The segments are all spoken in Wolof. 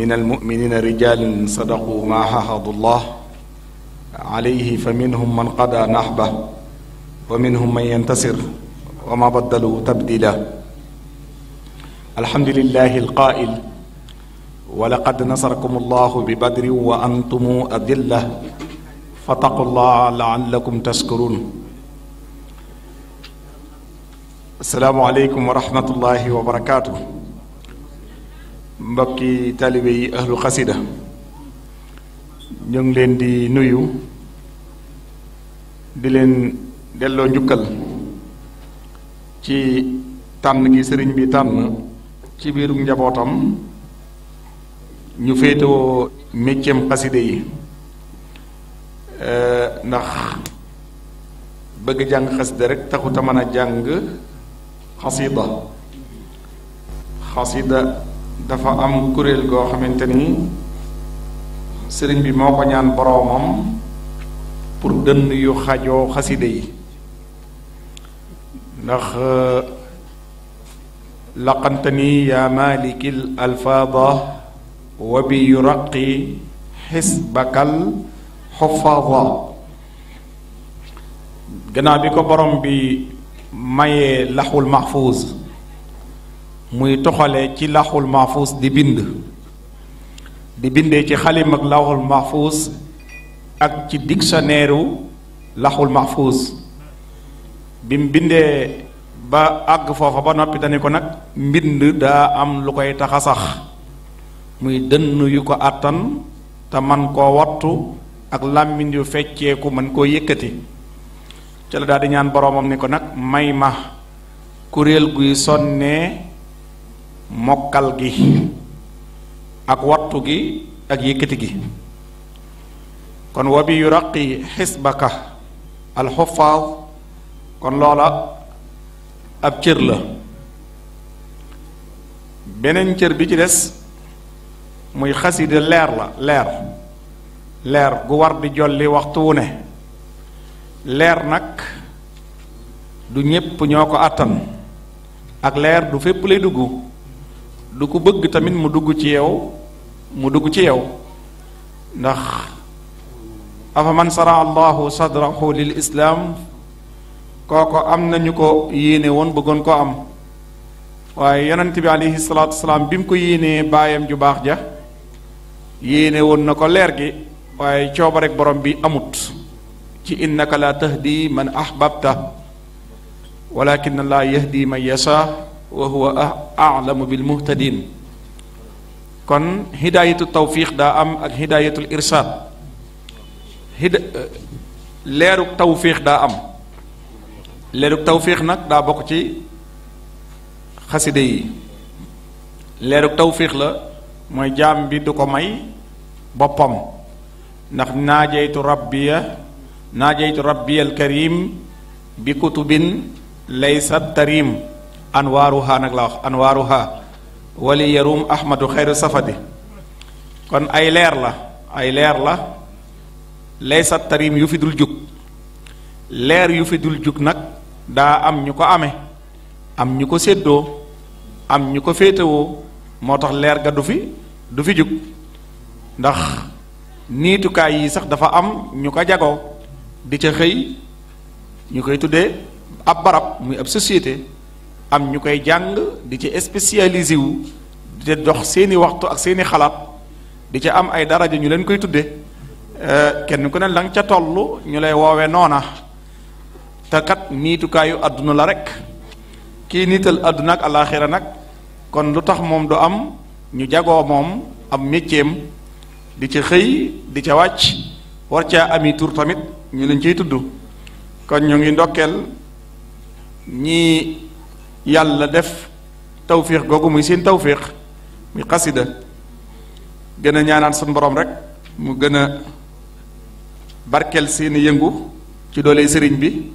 من المؤمنين رجال صدقوا ما عاهدوا الله عليه فمنهم من قضى نحبه ومنهم من ينتصر وما بدلوا تبديلا الحمد لله القائل ولقد نصركم الله ببدر وأنتم أذلة فاتقوا الله لعلكم تشكرون السلام عليكم ورحمة الله وبركاته mbokki talibé yi ahlu xasida ñu ngi leen di nuyu di leen delloo njukkal ci tànn gi sëriñ bi tànn ci biiru njabootam ñu féetewoo mécceem xasida yi ndax bëgg jàng xasida rek taxu ta mën a jàng xasida dafa am kuréel go xamanteni serigne bi moko ñaan boromam pour dënn yu xajo xaside yi ndax laqantani yaa maalikil alfaada wa bi yuraqi hisbakal hufaza gëna bi ko borom bi maye lahul mahfuz muy toxale ci laxul mahfuus di bind di bindee ci xalim ak laxul mahfuus ak ci dictionnaire u laxul mahfuus bi mu bindee ba àgg foofa ba noppi dañu ko nag mbind daa am lu koy taxa sax muy dënn yu ko àttan te man koo wattu ak làmmiñ yu fecceeku mën koo yëkkati ca la daal di ñaan boroomam ni ko nag may ma kuréel guy sonnee mokkal gi ak wattu gi ak yëkkati gi kon wabi yuraqi hisbaka al alxufaaz kon lola ab cër la benen cër bi ci dess muy leer la leer leer gu war di jolli waxtu wu ne leer nak du ñepp ñoko ko ak leer du fepp lay duggu du ko bëgg tamit mu dugg ci yow mu dugg ci yow ndax afa man sara allahu sadrahu lil islam kooko am nañu ko yéene woon bëggoon ko am waaye yonent bi alayhi salatu wasalaam bi mu ko yene baayam ju baax ja yéene woon leer gi rek borom bi amut ci innaka la tahdi man ahbabta walakin allah yahdi man yasha وهو أعلم بالمهتدين كن هداية التوفيق دائم أك هداية الإرسال هدا... ليرك توفيق دائم ليرك توفيق نك دا بقتي خسيدي ليرك توفيق لا ما جام بيدو كماي بحم نك ناجي ربي ناجي ربي الكريم بكتب ليست تريم anwaaruha nag la wax anwaaruha wali yarum ahmadu xayru safadi kon ay leer la ay leer la laysa tarim yu fi dul jug leer yu fi dul jug nag daa am ñu ko ame am ñu ko séddoo am ñu ko féetewoo moo tax leer ga du fi du fi jug ndax niitukaay yi sax dafa am ñu ko jagoo di ca xëy ñu koy tuddee ab barab muy ab société am ñukay jang dije di ci spécialisé wu di dox seeni waxtu ak seeni xalaat di ci am ay daraja ñu leen koy euh kenn ku ne lang ca wawenona ñu lay wowe nona ta kat kayu aduna la rek ki nital aduna ak alakhirah nak kon lutax mom do am ñu mom mom am métieem di ci xey di ci wacc war ca ami tur tamit ñu leen ci tuddu kon ñu ngi ndokkel ñi yàlla def tawféex googu muy seen tawféex muy xasida gën a ñaanaan suñu borom rek mu gën a barkeel seeni yëngu ci doole sëriñ bi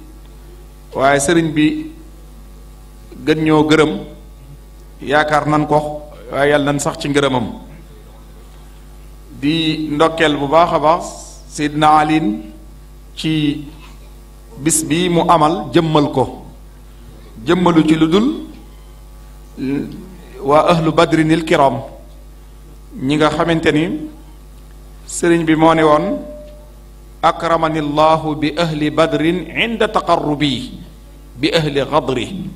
waaye sëriñ bi gën ñoo gërëm yaakaar nan ko waaye yàlla nan sax ci ngërëmam di ndokkeel bu baax a baax Seydina Alin ci bis bi mu amal jëmmal ko jëmmalu ci lu dul waa ahlu badrin il kiram ñi nga xamante ni sëriñ bi moo ne woon akramani llahu bi ahli badrin inda taqarrubi bi ahli gadri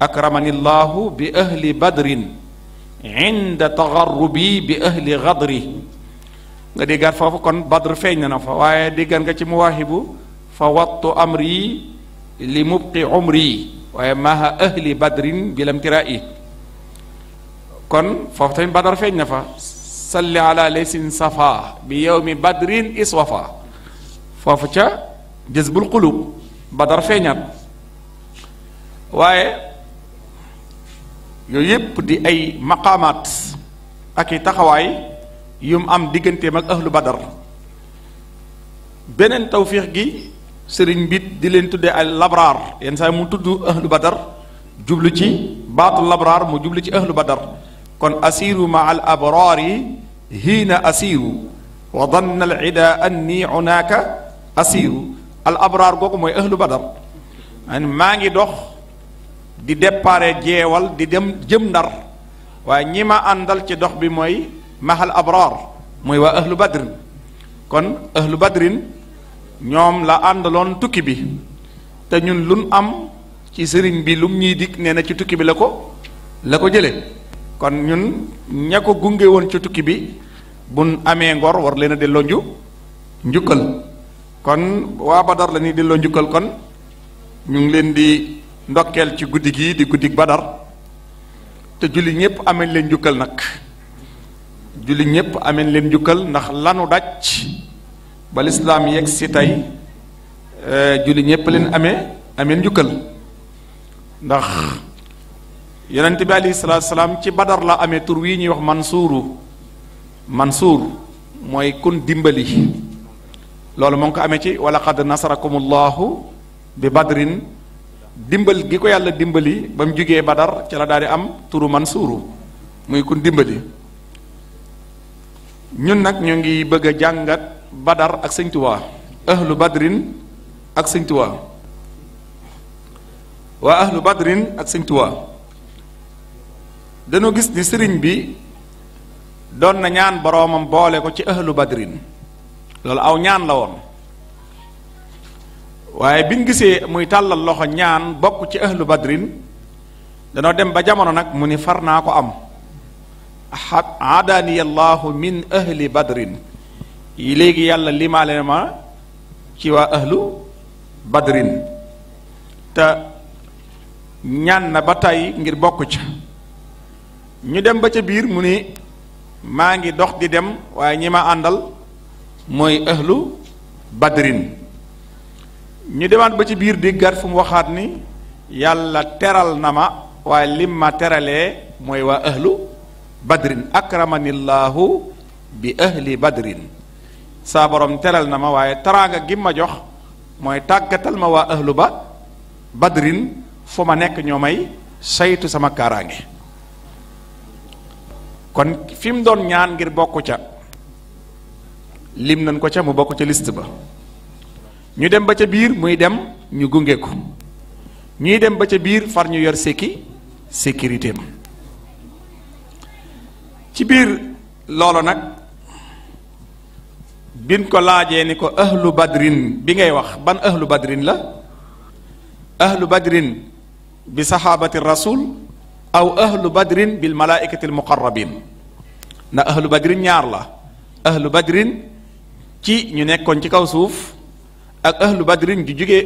akramani llahu bi ahli badrin inda taqarrubi bi ahli gadri nga déggaat foofu kon badr feeñ na fa waaye déggaan nga ci muwaahibu fa wattu amri li mubqi umri ويماها أهل بدر بلم ترائيه كن فوفتين بدر فين نفا صلي على ليس صفا بيوم بدر اسوفا فافتا جزب القلوب بدر فين واي يجب دي أي مقامات أكي تخواي يوم أم ديجنتي مك أهل بدر بنن توفيق جي sëriñ bi di leen tuddee ay labraar yenn saa mu tudd ahlu badar jublu ci baatu labraar mu jublu ci ahlu badar kon asiru ma al abraari hiina asiru wa danna al ida anni unaaka asiru al abrar googu mooy ahlu badar maa ngi dox di déparé jeewal di dem jëm ndar waaye ñi àndal ci dox bi mooy mahal abrar mooy waa ahlu badrin kon ahlu badrin ñoom la àndaloon tukki bi te ñun luñ am ci sëriñ bi lum ñuy dikk nee na ci tukki bi la ko la ko jële kon ñun ña ko gunge woon ci tukki bi buñ amee ngor war leen a delloo nju njukkal kon waa Badar la ñuy delloo njukkal kon ñu ngi leen di ndokkeel ci guddi gii di guddi Badar te julli ñépp amee leen njukkal nag julli ñépp amee leen njukkal ndax lanu daj ba lislaam yegg si pelin eh, julli amin leen amee amee njukkal ndax yonente bi alayhi salatu salaam ci badar la amee tur wii ñuy wax mansuuru mansuur mooy kun dimbali loolu moo ko ci wala qad nasarakumullahu bi badrin dimbal gi ko yàlla dimbali ba mu badar ci la am turu Mansuru muy kun dimbali ñun nag ñu ngi bëgg badar ak seigne touba ahlu badrin ak seigne touba wa ahlu badrin ak seigne touba dañu gis ni sëriñ bi don na ñaan boromam boole ko ci ahlu badrin loolu aw ñaan la won waye biñu gisee muy talal loxo ñaan bokku ci ahlu badrin dañu dem ba jamono nak muni ni ko am allahu min ahli badrin léegi yàlla limaale ma ci waa ahlu badrin te ñaan na ba tàyyi ngir bokk ca ñu dem ba ca biir mu ni maa ngi dox di dem waaye ñi ma àndal mooy ahlu badrin ñu demaat ba ci biir diggat fu mu waxaat ni yàlla teral na ma waaye lim teralee mooy waa ahlu badrin akramani llaahu bi ahli badrin saa teral na ma waaye taraanga gi ma jox mooy tàggatal ma waa ahlu ba badrin fu ma nekk ñoo may saytu sama kaaraange kon fi mu doon ñaan ngir bokk ca lim nañ ko ca mu bokk ca list ba ñu dem ba ca biir muy dem ñu gunge ko ñuy dem ba ca biir far ñu yor séki sécurité am ci biir loolu nag bin ko laajee ni ko ahlu badrin bi ngay wax ban ahlu badrin la ahlu badrin bi saxaabati rasul aw ahlu badrin bil malaikati al muqarrabin na ahlu badrin ñaar la ahlu badrin ci ñu nekkoon ci kaw suuf ak ahlu badrin ju jóge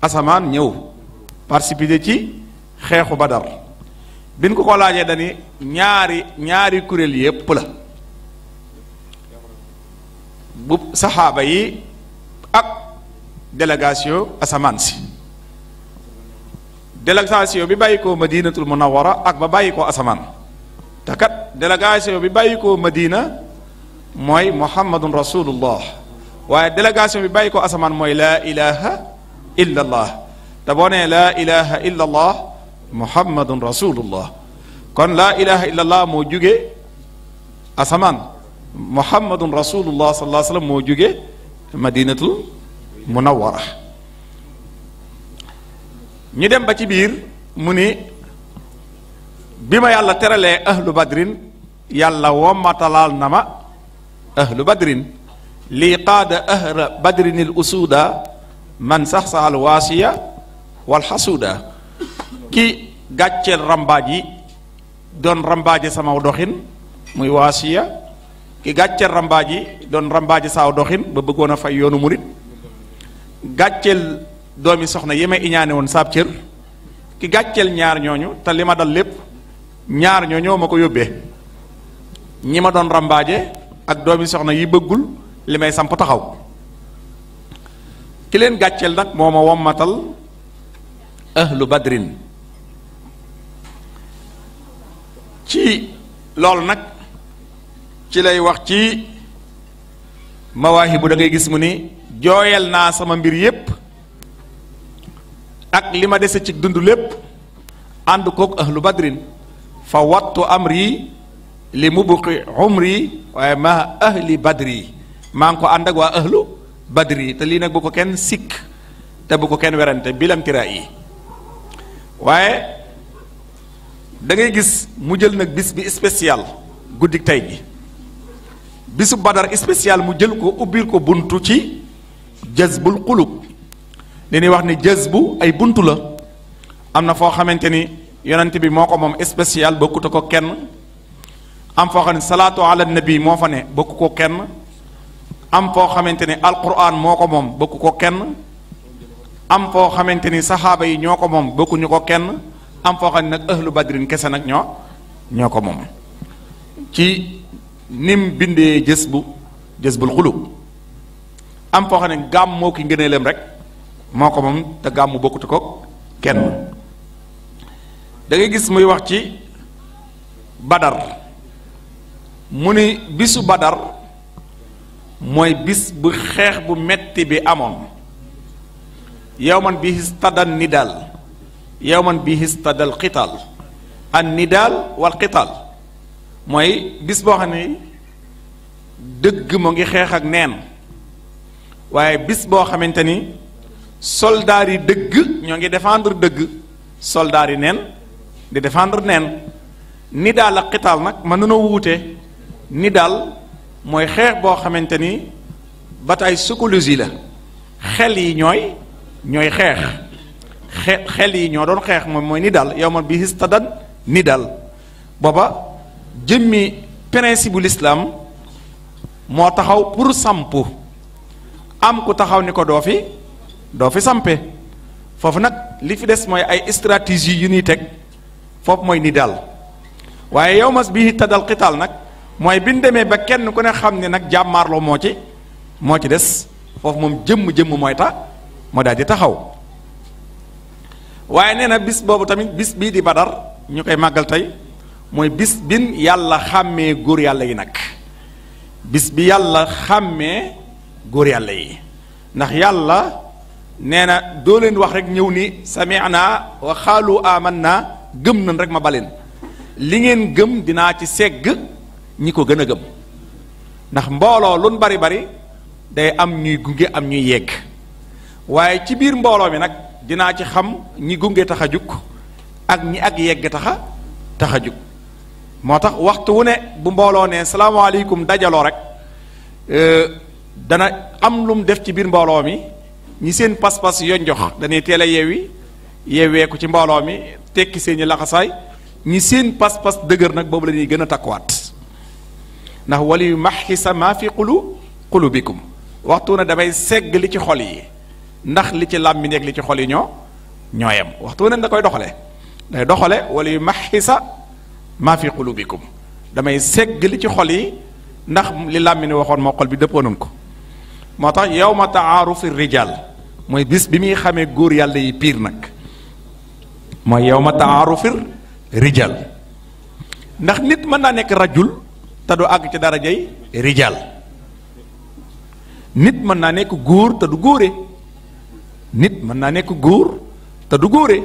asamaan ñëw participer ci xeexu badar bin ko ko laajee dani ñaari ñaari kuréel yépp la bu saxaaba yi ak délégation asamaan si délégation bi bàyyi madinatul munawara ak ba bàyyi koo asamaan délégation bi bàyyi madina mooy muhammadun rasulullah waaye délégation bi bàyyi koo asamaan mooy ilaha illa allah te boo ilaha illa allah muhammadun rasulullah kon laa ilaha illa allah moo jóge asamaan muhammadun rasulullah sallallahu alayhi wa sallam moo jóge madinatul munawwara ñu dem ba ci biir mu ni bi ma yàlla teralee ahlu badrin yàlla wommatalaal na ma ahlu badrin lii qaada ahla badrin il usuuda man sax saxal waasiya wal xasuuda ki gàcceel rambaaj yi doon rambaaje sama doxin muy waasiya ki gàcceel rambaaj yi doon rambaaji saaw doxin ba bëggoon a fay yoonu murit gàcceel yi soxna yi ma iñaane woon saab cër ki gàcceel ñaar ñooñu te li ma dal lépp ñaar ñooñoo ma ko yóbbee ñi ma doon rambaaje ak doom yi soxna yi bëggul li may samp taxaw ki leen gàcceel nag moo ma wommatal ahlu badrin ci loolu nag ci lay wax ci muni da ngay gis mu ni na sama mbir yépp ak lima ma dese ci dundu lepp and ahlu badrin fa wattu amri li mubqi umri wa ma ahli badri mangko anda ko andak wa ahlu badri te li nak bu ko ken sik te bu ko ken werante bilam tiraa yi da ngay gis mu jël nak bis bi special guddik tay gi bisu badar spécial mu jël ko ubbil ko buntu ci jazbul qulub ni wax ni jazbu ay buntu la amna fo xamanteni yonent bi moko mom moom spécial bokkute ko kenn am fo xamanteni salatu ala nabi mo fa ne bokku ko kenn am fo xamanteni alquran moko mom bokku ko kenn am fo xamanteni sahaba yi ñoko mom bokku ñuko kenn am fo xamanteni nak ahlu badrin kessa nak ño ñoko mom ci nim bindee jës bu jës bul xulub am foo xam ne gàmm moo ki ngëneelam rek moo ko moom te gàmm bokkute ko kenn da gis muy wax ci badar mu ni bisu badar mooy bis bu xeex bu metti bi amoon yow man bi histadan nidaal yow man bi histadal xital an nidaal wal xital mooy bis boo xam ne dëgg mu ngi xeex ak neen waaye bis boo xamante ni soldaar yi dëgg ñoo ngi defendre dëgg soldaar yi neen di defendre neen ni daal ak xitaal nag mën na wuute ni daal mooy xeex boo xamante ni bataille psychologie la xel yi ñooy ñooy xeex xel yi ñoo doon xeex moom mooy ni daal yow ma bi histadan ni daal booba jëmmi principe bu lislaam moo taxaw pour sampu am ku taxaw ni ko doo fi doo fi sampe foofu nag li fi des mooy ay stratégie yu ñuy teg foofu mooy ni daal waaye yow mas bii tadal xitaal nag mooy bi ñu demee ba kenn ku ne xam ne nag jàmmaarloo moo ci moo ci des foofu moom jëmm jëmm mooy tax moo dal di taxaw waaye nee na bis boobu tamit bis bii di badar ñu koy màggal tey mooy bis bin yàlla xàmmee góor yàlla yi nag bis bi yàlla xàmmee góor yàlla yi ndax yàlla nee na doo leen wax rek ñëw ni sami'na wa xaalu amanna gëm nañ rek ma baleen li ngeen gëm dinaa ci segg ñi ko gën a gëm ndax mbooloo lun bari bari day am ñuy gunge am ñuy yegg waaye ci biir mbooloo mi nag dinaa ci xam ñi gunge tax a jug ak ñi ak yegg taxa tax jug motax waxtu wu ne bu ne salamu alaykum dajalo rek dana am lum def ci bir mbolo mi ñi seen pas-pas yo jox dañuy télé yewi yewé ko ci mbolo mi tekki seen i ñi seen pas-pas dëgër nak bobu lañuy gëna takwat ndax wali mahisa ma fi qulu qulubikum waxtu na damay seg li ci xol yi ndax li ci lammi nek li ci xol yi ño ñoo waxtu na da koy doxale day doxale wali mahisa maa fi qulubikum damay segg li ci xol yi ndax li làmmi ni waxoon moo xol bi dëppoonoon ko moo tax yawma taarufi rijal mooy bis bi muy xamee góor yàlla yi piir nag mooy yawma taarufir rijal ndax nit mën naa nekk rajul te du àgg ci darajay rijal nit mën naa nekk góor te du góore nit mën naa nekk góor te du góore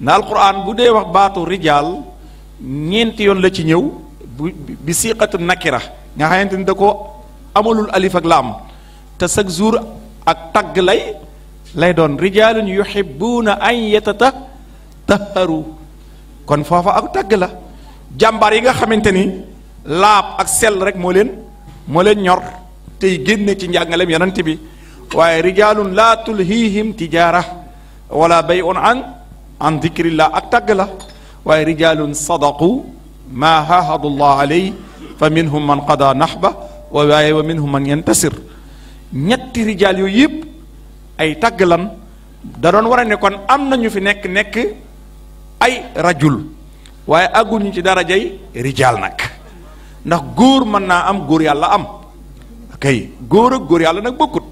na alquran bu dee wax baatu rijal ñeenti yoon la ci ñëw bu bi siqatu nakira nga xamante ni da ko amalul alif ak laam te chaque jour ak tàgg lay lay doon rijaalun yuhibbuuna an yatata taharu kon foofa ak tagg la jàmbaar yi nga xamante ni laab ak sel rek moo leen moo leen ñor tey génne ci njàngaleem yonent bi waaye rijaalun laa tulhiihim tijaara wala bayun an an dikrillah ak tagg la waaye rijalun sadaqu maa haahadu llah aley fa minhum man qada nahba wa waaye wa minhum man yantasir ñetti rijaal yooyu yëpp ay tàgg lan da doon war a ne kon am na ñu fi nekk nekk ay rajul waaye ñu ci darajay rijaal nag ndax góor mën naa am góor yàlla am kay góor góor yàlla nag bokkut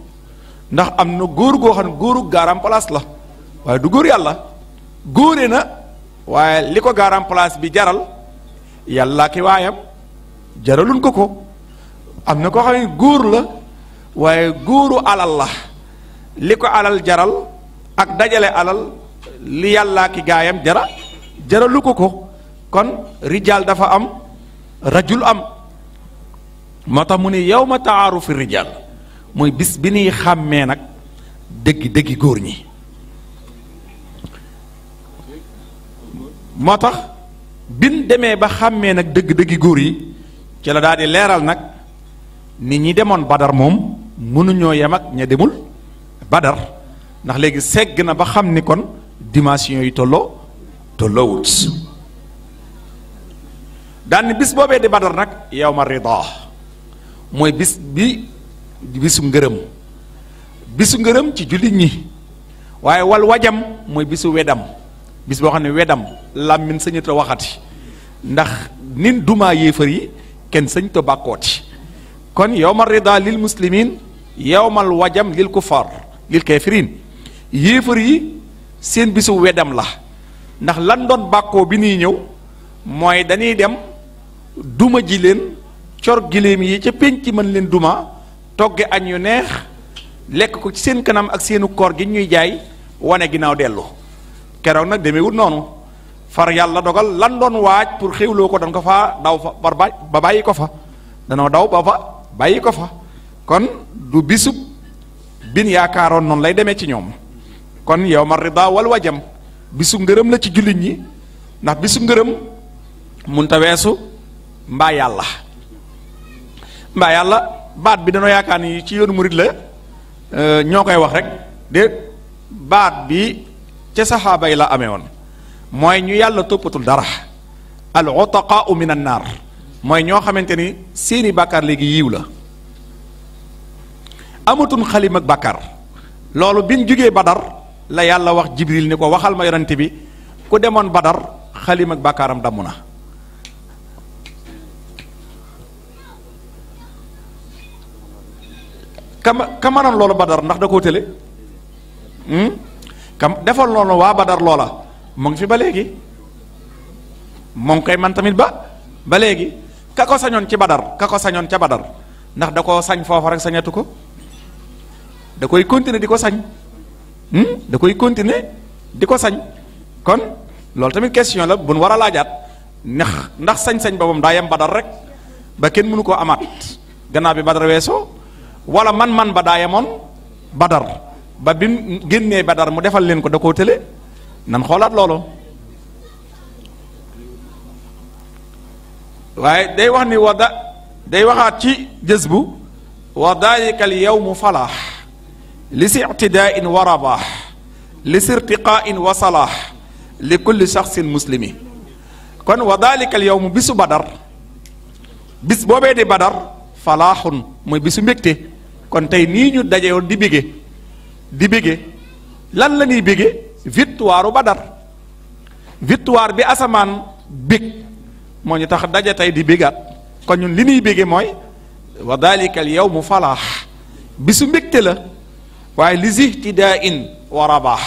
ndax am na góor goo xam ne góoru gaaraam place la waaye du góor yàlla góore na waaye li ko garan place bi jaral yàlla ki waayam jaralun ko ko am na koo xam ne la waaye alal la li alal jaral ak dajale alal li yàlla ki gaayam jara jaralu ko ko kon rijal dafa am rajul am moo tax mu ne yow ma rijal mooy bis bi ñuy xàmmee nag dëggi dëggi ñi moo tax bin demee ba xàmmee nag dëgg-dëggi góor yi ci la daal di leeral nag ni ñi demoon badar moom mënuñoo yem ak ña demul badar ndax léegi segg na ba xam ni kon dimension yi tolloo tolloowut daan bis boobee di badar nag yow ma rida mooy bis bi bisu ngërëm bisu ngërëm ci jullit ñi waaye wal wajam mooy bisu wedam bis bo xamne wedam lamine seigne to waxati ndax nin duma yéefar yi kenn sañ ta kon yowma rida lil muslimin yowmal wajam lil kufar lil kafirin yéefar yi seen bisu wedam la ndax lan don bàkkoo bi ni ñew moy dañuy dem duma ji len cior gilem yi ci penc man len duma togge agnu neex lek ko ci seen kanam ak seenu koor gi ñuy jaay wone ginaaw delu keroog na demeewut noonu far yàlla dogal lan doon waaj pour xéwloo ko dañ ko faa daw fa ba bàyyi ko fa danoo daw ba fa bàyyi ko fa kon du bisub bin yaakaaroon noonu lay demee ci ñoom kon yow ma rida wal wajam bisub ngërëm la ci jullit ñi ndax bisu ngërëm munta weesu mbaa yàlla mbaa yàlla baat bi danoo yaakaar ni ci yoonu murit la euh, ñoo koy wax rek de baat bi ca saxaaba yi la amee woon mooy ñu yàlla toppatul dara al utaqaau min an naar mooy ñoo xamante ni seeni bàkkaar léegi yiw la amatuñ xalim ak bàkkaar loolu bi ñu jógee badar la yàlla wax jibril ni ko waxal ma yonante bi ku demoon badar xalim ak bàkkaaram damm na kama kamanoon loolu badar ndax da koo tële hmm? kam defal loolu wa badar lola mo ngi fi balegi mo ngi koy man tamit ba balegi léegi ka ko ci badar ka ko sañoon badar ndax da sañ fofu rek sañatu ko da koy continuer diko sañ hmm? da koy continuer diko sañ kon lol tamit question la bu wara lajat ndax ndax sañ-sañ boobam da yam badar rek ba ken munuko amat ganna bi badar weso wala man-man ba da yamon badar ba bi génnee badar mu defal leen ko da koo tële nan xoolaat loolu waaye day wax ni wada day waxaat ci jës bu wa yow mu yowmu falaax li si ictidaain wa rabaax li si irtiqaain wa salaax li kulli shaxsin muslimi kon wa yow mu bisu badar bis boobee di badar falaaxun mooy bisu mbégte kon tey nii ñu dajewoon di bégee di bége lan la ñuy bége victoire Badar victoire bi asamaan bég moo ñu tax daje tey di bégaat kon ñun li ñuy béggee mooy wa dalika al yawmu falaax bisu mbégte la waaye li zihtidaa in wa rabaax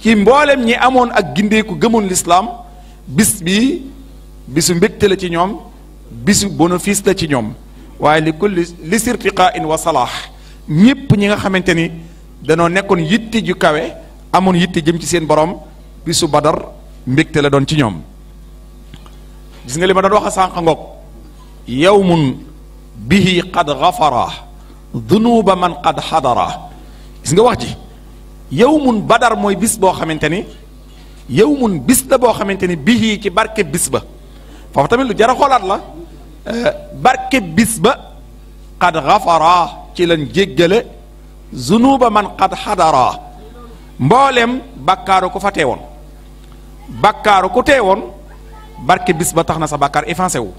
ci mboolem ñi amoon ak gindeeku gëmoon lislaam bis bi bisu mbégte la ci ñoom bisu bénéfice la ci ñoom waaye li kulli li sirtiqaa in wa salaax ñépp ñi nga xamante ni dano nekkoon yitti ju kawe amoon yitti jëm ci seen borom bisu badar mbégte la doon ci ñoom gis nga li ma doon wax a sànq ngoog yawmun bihi qad xafara dunuba man qad hadara gis nga wax ji yawmun badar mooy bis bo xamante ni yawmun bis da bo xamante bihi ci barke bis ba foofu tamit lu jara a la barke bis ba qad ghafara ci lan jéggale zunuba man qad xadara mboolem bàkkaaru ku fa teewoon bàkkaaru ku teewoon barke bis ba tax na sa bàkkaar effacé wu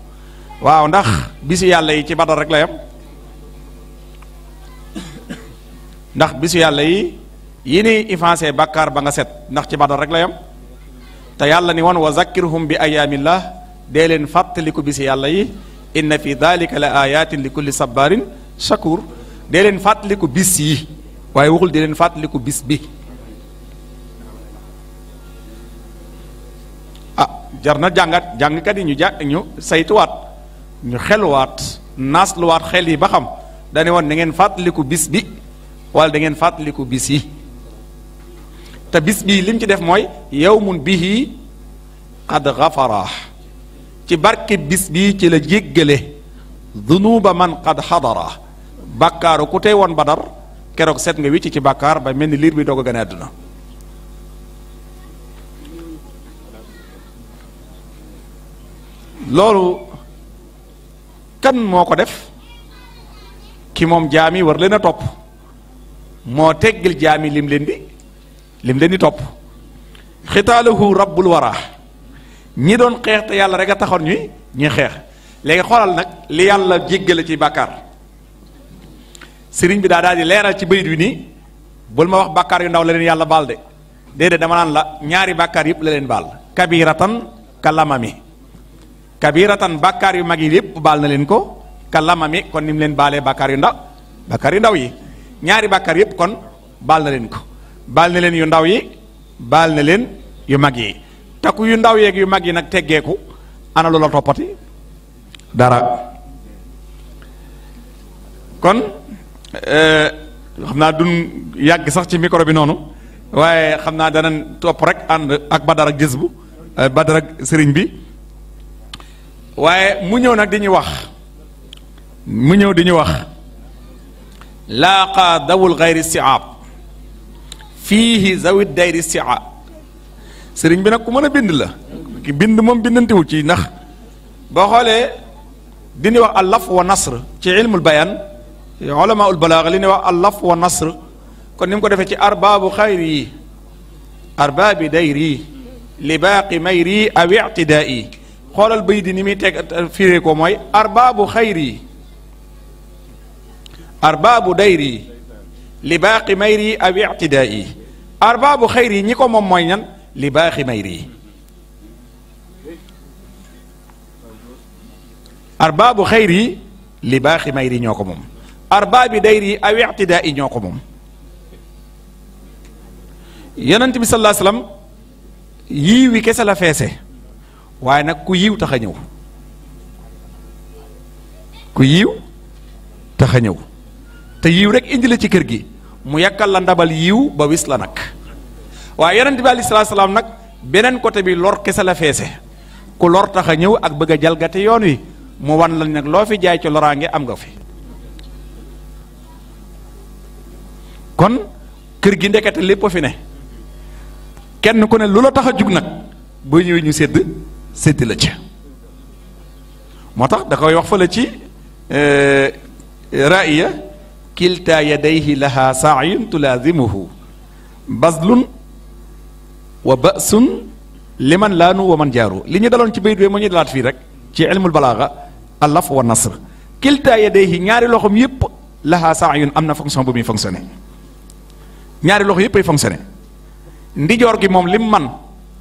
waaw ndax bisu yàlla yi ci badar rek la yam ndax bisu yàlla yi yi ni effacé bàkkaar ba nga set ndax ci badar rek la yam te yàlla ni woon wa zakkirhum bi ayaamillah dee leen fàttaliku bisu yàlla yi inna fi dalika la ayatin li kulli sabarin shakur dee leen fàttaliku bis yi waaye waxul dee leen fàttaliku bis bi ah jar na jàngat jàngkat yi ñu ja ñu saytuwaat ñu xeluwaat naasluwaat xel yi ba xam dane woon da ngeen fàttaliku bis bi wala da fàttaliku bis yi te bis bii lim ci def mooy yow yawmun bihi qad xafara ci barke bis bii ci la jéggale dunuba man qad xadara bàkkaaru ku tey woon badar keroog set nga wicc ci bàkkaar ba mel ni liir bi doog a gane àdduna loolu kan moo ko def ki moom jaami war leen a topp moo teggil jaami lim leen di lim leen di topp xitaaluhu rabbul wara ñi doon xeex te yàlla rek a taxoon ñuy ñuy xeex léegi xoolal nag li yàlla jéggale ci bàkkaar sëriñ bi daa daal di leeral ci bayit wi nii bul ma wax bàkkaar yu ndaw la leen yàlla baal de déedéet dama naan la ñaari bàkkaar yëpp la leen baal kabiratan ka lamami kabiratan bàkkaar yu mag yi yëpp baal na leen ko ka lamami kon ni leen baalee bàkkaar yu ndaw bàkkaar yu ndaw yi ñaari bàkkaar yépp kon baal na leen ko baal na leen yu ndaw yi baal na leen yu mag yi takku yu ndaw yeeg yu mag yi nag teggeeku ana lu la toppati dara kon Euh, xam naa duñ yàgg sax ci micro bi noonu waaye xam naa danañ topp rek ànd ak Badar ak gis bu euh, Badar ak sëriñ bi waaye mu ñëw nag di ñu wax mu ñëw di ñu wax laaqa dawul xayri siaab fiihi zawid dayri siaa sëriñ bi nag ku mën a bind la bind moom bindantiwu ci ndax boo xoolee di ñu wax allaf wa nasr ci ilmul bayan علماء البلاغ لين اللف والنصر كون نيم كو ديفي ارباب خيري ارباب ديري لباقي ميري او اعتدائي قال البيد نيمي تك فيريكو موي ارباب خيري ارباب ديري لباقي ميري او اعتدائي ارباب خيري نيكو موم لباقي ميري ارباب خيري لباقي ميري نيوكو arbaabi dayri aw ictidaai ñoo ko moom yonent bi sallallahu alayhi wasallam wi kese la feese waaye nag ku yiw tax a ñëw ku yiiw tax a ñëw te yiiw rek indi la ci kër gi mu yàkkal la ndabal yiiw ba wis la nag waaye yonent bi alayhi salaatu salaam nag beneen côté bi lor kese la feese ku lor tax a ak bëgg a jalgati yoon wi mu wan lañ nag loo fi jaay ci loraange am nga fi kon kër gi ndekete lépp fi ne kenn ku ne lu la tax a jug nag boo ñëwee ñu sédd sédd la ca moo tax da koy wax fa la ci raiya kilta yadayhi laha saayun tulazimuhu bazlun wa basun liman laanu wa man jaaru li ñu daloon ci béyt bi moo ñu dalaat fii rek ci ilmul balaaga alaf wa nasr kilta yadayhi ñaari loxoom yépp laha saayun am na fonction bu muy fonctionné ñaari loxo yëpp ay fonctionné ndijoor gi moom lim man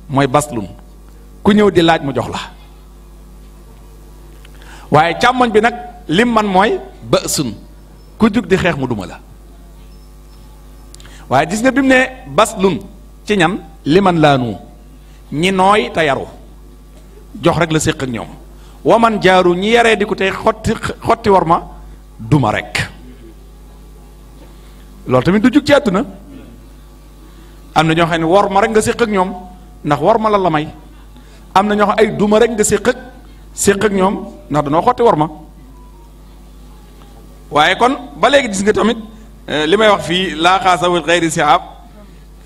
mooy baslun ku ñëw di laaj mu jox la waaye càmmoñ bi nag lim man mooy bësun ku jug di xeex mu duma la waaye gis nga bim mu ne baslun ci ñan man laa laanu ñi nooy te yaru jox rek la séq ak ñoom waman jaaru ñi yaree di ko tey xotti xotti war ma duma rek loolu tamit du jug ci àdduna am na ñoo xam ne war ma rek nga séq ak ñoom ndax war ma la la may am na ñoo xam ay duma rek nga séq ak séq ak ñoom ndax danoo xotti wor ma waaye kon ba léegi gis nga tamit eh, li may wax fii laaxaa sawul xayri siab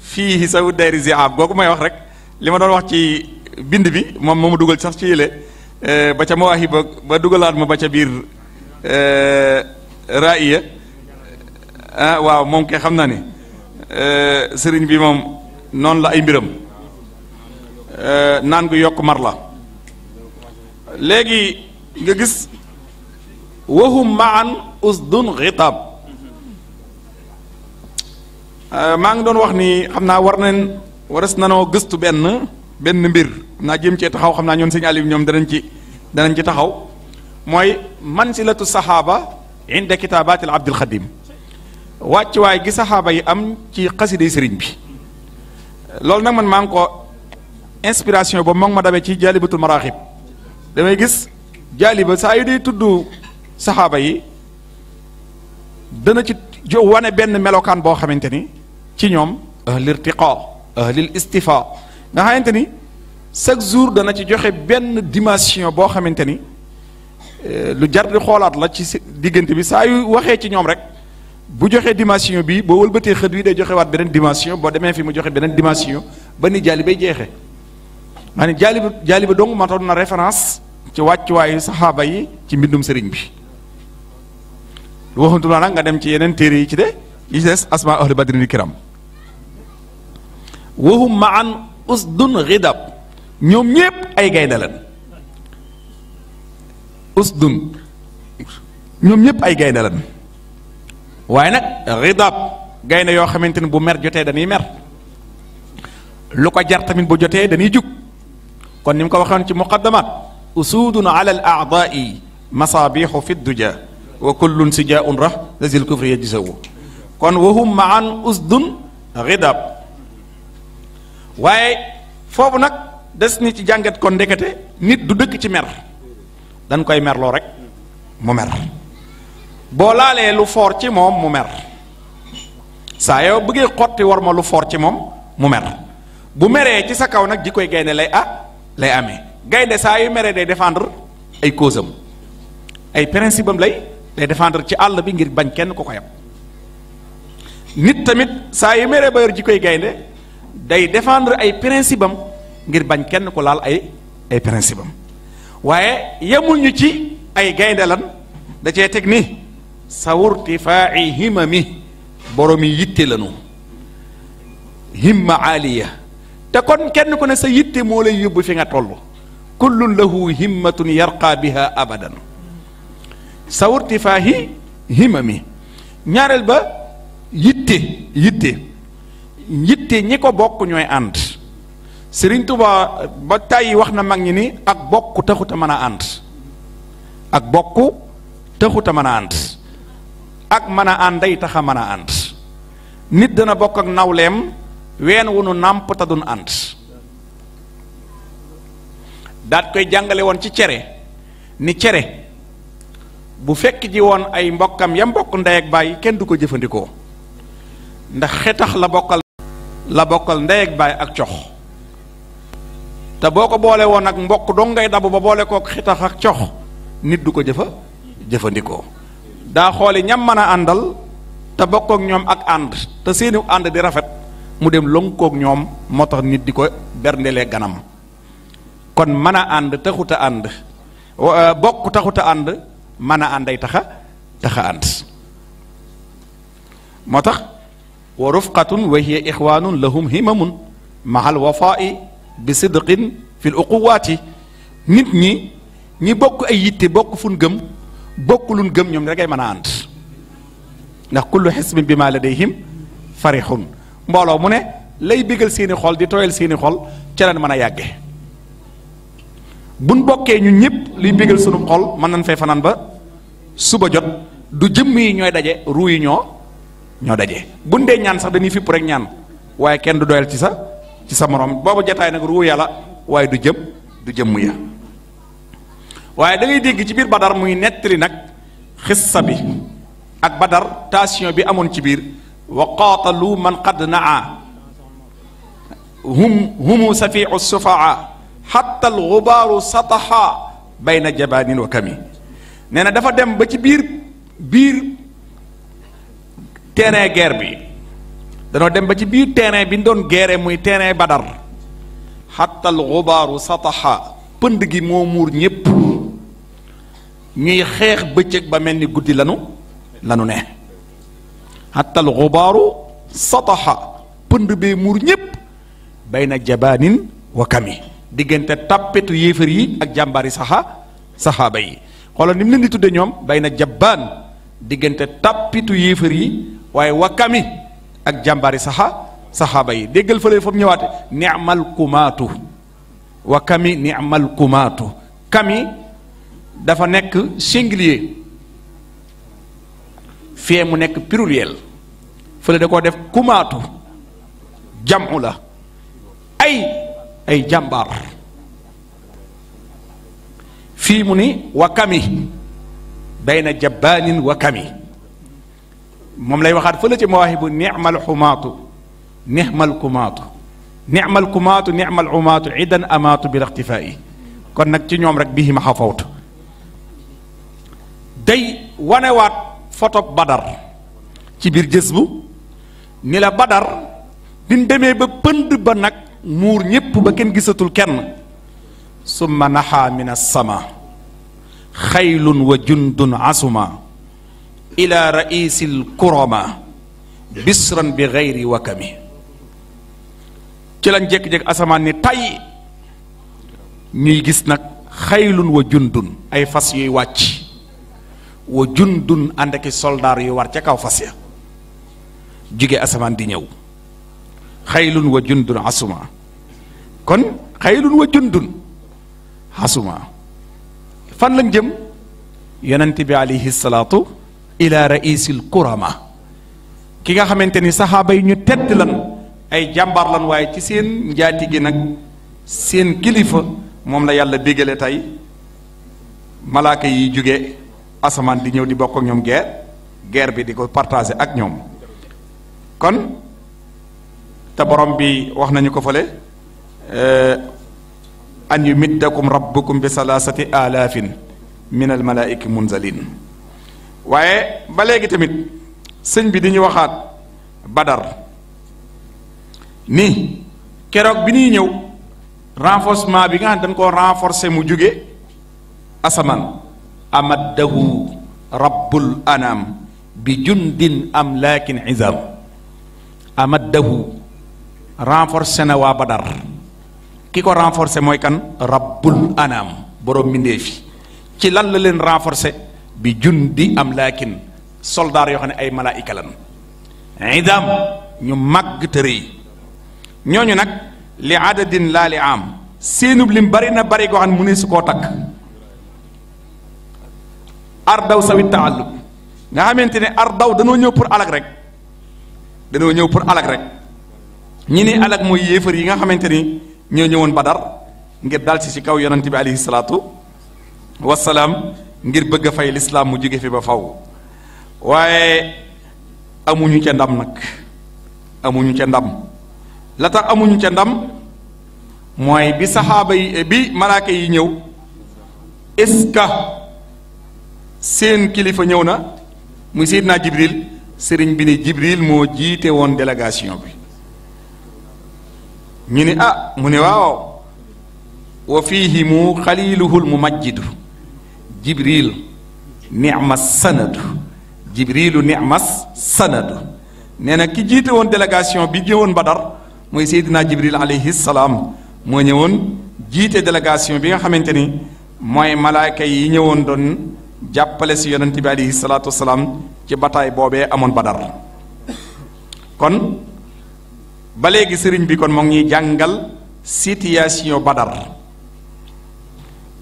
fii sawul dayri siab googu may wax rek li ma doon wax ci bind bi moom moo ma dugal sax ci yële eh, ba ca mawaahi ba ba dugalaat ma ba ca biir eh, raiya ah waaw moom kay xam naa ni Eh, sëriñ bi moom noonu la ay mbiram eh, naan gu yokk mar la léegi nga gis wahum maan usdun xitaab eh, maa ngi doon wax ni xam naa war nañ waras nanoo gëstu benn benn mbir naa jëm cee taxaw xam naa ñoon sëñ Aliou ñoom danañ ci danañ ci taxaw mooy mansilatu saxaaba inda kitaabatil abdil xadim wàccuwaay gi saxaaba yi am ci xasiday sëriñ bi loolu nag man maa ngi ko inspiration boobu moom ma dabee ci jaalibatul maraaxib damay gis jaaliba saa yu day tudd saxaaba yi dana ci jo wane benn melokaan boo xamante ni ci ñoom ahlil irtiqa ahlil istifa nga xamante ni chaque jours dana ci joxe benn dimension boo xamante ni eh, lu jar di xoolaat la ci diggante bi saa yu waxee ci ñoom rek bu joxee dimension bi boo wëlbatee xët wi day joxe waat beneen dimension boo demee fi mu joxe beneen dimension ba ni jaali bay jeexee maanaam jaali ba jaali ba matoon na référence ci wàccuwaayu saxaaba yi ci mbindum sëriñ bi waxantu naa nag nga dem ci yeneen téere yi ci de yi ci des asma ahli badrini kiram wahum maan usdun xidab ñoom ñépp ay gaynde lan usdun ñoom ñépp ay gaynde lan waaye nag ridab gaynde yoo xamante ni bu mer jotee dañuy mer lu ko jar tamit bu jotee dañuy jug kon ni mu ko waxoon ci muqaddamat usudun ala al aadai masabixu fi duja wa kullun sijaun rah lazil kufri yajzawu kon wahum maan usdun ridab waaye foofu nag des ni ci jàngat kon ndekete nit du dëkk ci mer dañ koy merloo rek mu mer boo laalee lu foor ci moom mu mer saa yow bëggee xotti war ma lu foor ci moom mu mer bu meree ci sa kaw nag koy gaynde lay ah lay amee gaynde saa yu meree day défendre ay cause am ay principe am lay day défendre ci àll bi ngir bañ kenn ko ko yab nit tamit saa yu meree ba yor jikkoy gaynde day défendre ay principe am ngir bañ kenn ko laal ay ay principe am waaye yemul ci ay gaynde lan da cee teg nii sawurtifaaci himami boromi yitte lanu himma aaliya te kon kenn ku ne sa yitte moo lay yóbbu fi nga toll kullun lahu himmatun yarqaa biha abadan sawurtifaahi himami ñaareel ba yitte yitte yitte ñi ko bokk ñooy ànd Sëriñ Tuba ba tàyyi wax na mag ñi ni ak bokk taxut mën a ànd ak bokk taxut mën a ànd ak mën a ànd day tax a mën a ànd nit dana bokk ak nawleem ween wu nu nàmp te duñ ànd daat koy jàngale woon ci cere ni cere bu fekk ji woon ay mbokkam yam mbokk ndey ak baay kenn du ko jëfandikoo ndax xetax la bokkal la bokkal ndey ak baay ak cox te boo ko boole woon ak mbokk dong ngay dabu ba boole kook xetax ak cox nit du ko jëfa jëfandikoo daa xooli ñam mën a àndal te bokkook ñoom ak ànd te seeni ànd di rafet mu dem lonkook ñoom moo tax nit di ko berndelee ganam kon mën a ànd taxut a ànd bokk taxut a ànd mën a ànday taxa taxa ànd moo tax wa rufqatun wa hiya ixwaanun lahum himamun maa al wafaai bi sidqin fi l uquwaati nit ñi ñi bokk ay yitte bokk fun gëm bokkuluñ gëm ñoom rekk ay mën a ànd ndax kullu la bi ma fari farihun mbooloo mu ne lay bigal seeni xol di tooyal seeni xol ca leen mën a yàgge buñ bokkee ñu ñëpp liy bigal sunu xol mën nañ fay fanaan ba suba jot du jëmm yi ñooy daje ruu yi ñoo ñoo daje buñ dee ñaan sax dañuy fipp rek ñaan waaye kenn du doyal ci sa ci sa moroom boobu jataay nag ruu yàlla waaye du jëm du jëmm ya waaye da ngay dégg ci biir badar muy nettali nag xissa bi ak badar tension bi amoon ci biir wa qaatalu man qad naa hum humu safiu sufaa xatta algubaaru sataxa bayna jabaanin wa kami nee na dafa dem ba ci biir biir terrain guerre bi danoo dem ba ci biir terrain bi ñu doon guerre muy terrain badar xatta algubaaru sataxa pënd gi moo muur ñépp ñuy xeex bëccëg ba mel ni guddi lanu lanu ne xattal xubaaru sataxa pënd bee muur ñépp bay na jabaanin wa kami diggante tàppetu yéefar yi ak jàmbaari saxa saxaaba yi xoolal ni mu leen tudde ñoom bay na jabaan diggante tàppitu yéefar yi waaye wa kami ak jàmbaari saxa saxaaba yi déggal fële fa mu ñëwaate ni'mal kumaatu wa kami ni'mal kumaatu kami dafa nek singulier fee mu nek pluriel fële da koo def kumatu jamu la ay ay jambar fi mu ni wa kami bayna jabbanin wa kami mom lay waxat fële ci mawaahibu ni'mal humatu ni'mal kumatu ni'mal kumatu ni'mal umatu idan amatu bil ikhtifai kon nak ci ñom rek bihi ma day wanewaat photo badar ci biir jës bu ni la badar biñ demee ba pënd ba nag muur ñépp ba kenn gisatul kenn summa naxaa min assama xaylun wa jundun asuma ila raisi lkurama bisran bi gayri wakami ci lañ jékki-jékki asamaan ni tay ñuy gis nag xaylun wa jundun ay fas yuy wàcc wa jundun ànd aki soldaar yu war ca kaw fas ya jóge asamaan di ñëw xaylun wa jundun asuma kon xaylun wa jundun asuma fan lañ jëm yonent bi alayhi salaatu raisil kurama ki nga xamante ni saxaaba yi ñu tedd lan ay jàmbaar lan waaye ci seen njaati gi nag seen kilifa moom la yàlla bégale tey malaaka yi jóge asaman di ñew di bokk ak ñom guerre guerre bi di partager ak ñom kon ta borom bi wax nañu ko euh an yumiddakum rabbukum bi salasati alafin min al malaik munzalin waye ba legi tamit señ bi di ñu badar ni kérok bi rafos ñew renforcement bi nga rafos dañ ko renforcer mu juggé asaman amaddahu rabbul anaam bi jundin am laakin izam amaddahu renforcé na waa badar ki ko renforcé mooy kan rabbul anaam boroom mbindéefi ci lan la leen renforcé bi jundi am lakin soldaar yoo xam ne ay malaayika lan idam ñu màgg te ñooñu nag li adadin laa li am seenub lim bari na bari goo xam ne mu ne su koo takk ardaw sawit taallub nga xamante ne ardaw danoo ñëw pour alak rek danoo ñëw pour alak rek ñi ni alak mooy yéefar yi nga xamante ni ñoo ñëwoon badar ngir dal ci ci kaw yonante bi alayhi salaatu wasalaam ngir bëgg a fay lislaam mu jóge fi ba faw waaye amuñu ca ndam nag amuñu ca ndam la tax amuñu ca ndam mooy bi saxaaba yi bi malaaka yi ñëw est-ce seen kilifa ñëw na muy Seydina Jibril sëriñ bi ni Jibril moo jiite woon délégation bi ñu ni ah mu ne waaw wa fiihimu xaliluhul mumajjidu Jibril ma sanadu Jibrilu ni'mas sanadu nee na ki jiite woon délégation bi ñëwoon Badar mooy Seydina Jibril alayhi salaam moo ñëwoon jiite délégation bi nga xamante ni mooy malaayka yi ñëwoon doon jàppale si yonent bi alayhi salatu wasalaam ci bataay boobee amoon badar kon ba léegi sëriñ bi kon moo ngi jàngal situation badar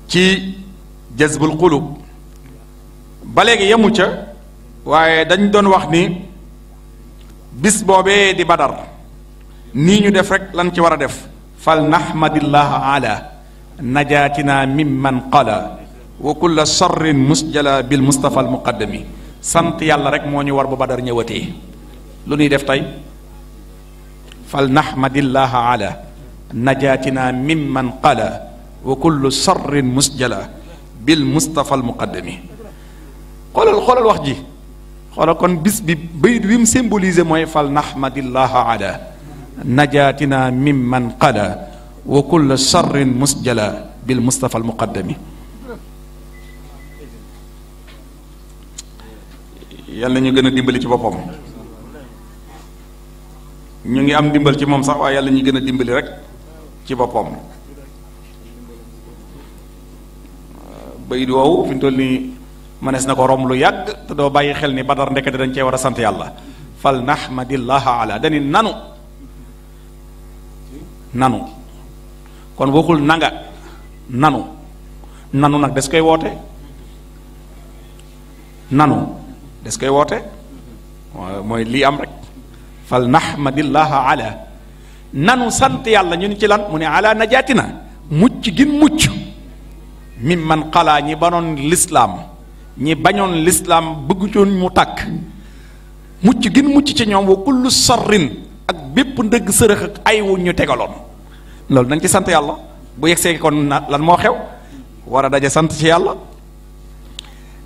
ci jazbul qulub ba léegi yemu ca waaye dañ doon wax ni bis boobee di badar ni ñu def rek lan ci war a def fal naxmadillaha ala najaatina mimman qala وكل شر مسجل بالمصطفى المقدمي سنت يالا رك مو ني وار بو بدر نيوتي لوني ديف تاي فلنحمد الله على نجاتنا ممن قال وكل شر مسجل بالمصطفى المقدم قال القول الوحجي قال كون بيس بي بيد ويم سيمبوليزي موي فلنحمد الله على نجاتنا ممن قال وكل شر مسجل بالمصطفى المقدم yalla ñu gëna dimbali ci bopam ñu ngi am dimbal ci mom sax waaye yalla ñu gëna dimbali rek ci bay do wu fi tolni manes nako rom lu yag te do bayyi xel ni badar ndekete dañ ci wara sant yalla fal nahmadillaha ala dani nanu nanu kon waxul nanga nanu nanu nak des koy wote nanu des koy woote mooy lii am rek fal nahmadillaha ala nanu sant yàlla ñu ñun ci lan mu ne ala najaatina mucc gin mucc mim man xalaa ñi banoon lislaam ñi bañoon lislaam bëggutoon mu takk mucc gin mucc ci ñoom wa kullu sarrin ak bépp ndëgg sërëx ak ay wu ñu tegaloon loolu nañ ci sant yàlla bu yegsee kon lan moo xew war a daje sant ci yàlla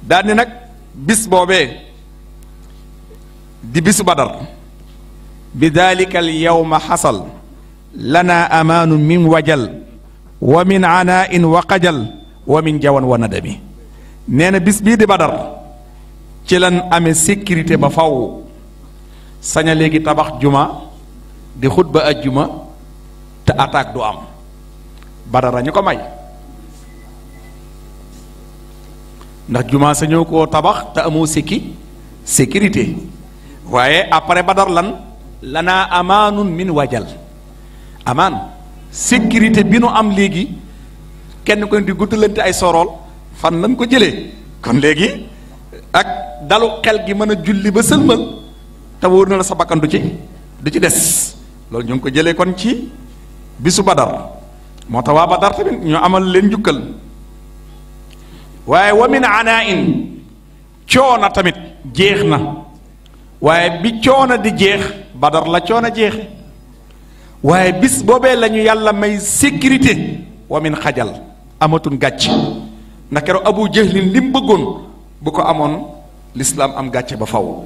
daal nag bis bobé di bisu badar bi dalika al yawma hasal lana amanum min wajal wa min ana'in wa qajal wa min jawan wa nadami Nen bis bi di badar ci lan amé sécurité ba faw saña légui tabakh juma di xutba Juma, ta attaque du am badara ñuko may ndax jumaa ñëw koo tabax te amoo séki sécurité waaye après badar lan lanaa amaanun min wajal amaan sécurité bi nu am léegi kenn ko di guddalante ay sorool fan lañ ko jëlee kon léegi ak dalu xel gi mën a julli ba sëlmal te wóor na la sa bakkan ci du ci des loolu ñu ngi ko jëlee kon ci bisu badar moo tax waa badar tamit ñu amal leen njukkal waaye wamin ana in coono tamit jeex na waaye bi coono di jeex badar la coono jeex waaye bis boobee lañu yàlla may sécurité wamin xajal amatul gàcc na keroog abu jahlin li mu bëggoon bu ko amoon lislaam am gàcce ba faw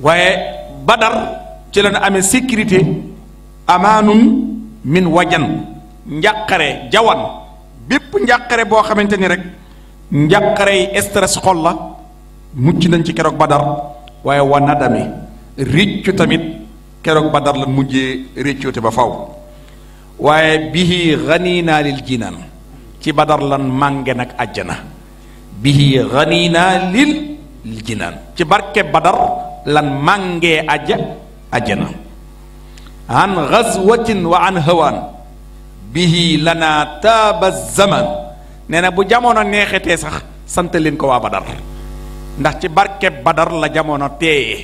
waaye badar ci la ñu amee sécurité amaanun min wajan njàqare jawan bépp njàqare boo xamante ni rek njàqare yi stress xol la mucc nañ ci keroog badar waaye wa nadami réccu tamit keroog badar la mujjee réccute ba faw waaye bihi xaniinaa lil jinan ci badar lan mànge nag àjjana bihi xaniinaa lil jinan ci barke badar lan mànge àjja àjjana an ghazwatin wa an hawan bihi lana taaba zaman nee na bu jamono neexetee sax sant leen ko waa Badar ndax ci barkeb Badar la jamono teeye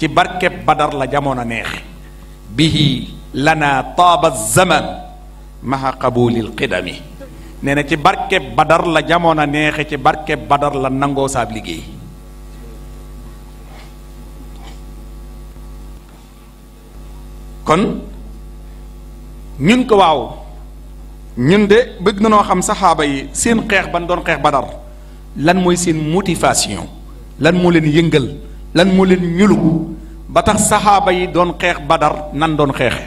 ci barkeb Badar la jamono neexe bihi lana taaba zaman maha qabulil qidami nee ci barkeb Badar la jamono neexe ci barkeb Badar la nangoo saab liggéey kon ñun ko waaw ñun de bëgg na noo xam saxaaba yi seen xeex ban doon xeex badar lan mooy seen motivation lan moo leen yëngal lan moo leen ñulu ba tax saxaaba yi doon xeex badar nan doon xeexe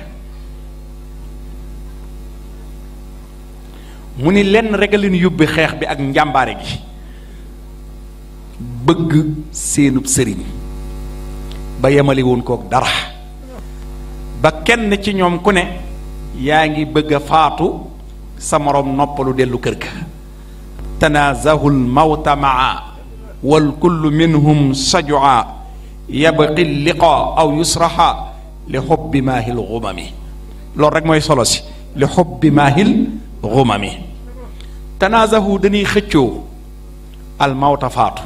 mu ni lenn rek a leen yóbbi xeex bi ak njàmbaare gi bëgg seenub sëriñ ba yemale woon kook dara ba kenn ci ñoom ku ne yaa ngi bëgg a faatu sa morom noppalu dellu kër ga tanaazahu lmawta maa walkullu minhum sajua yabqi liqa aw yusraxa li xubbi maahil xumami loolu rek mooy solo si li xubbi maahil xumami tanaazahu dañuy xëccoo almawta faatu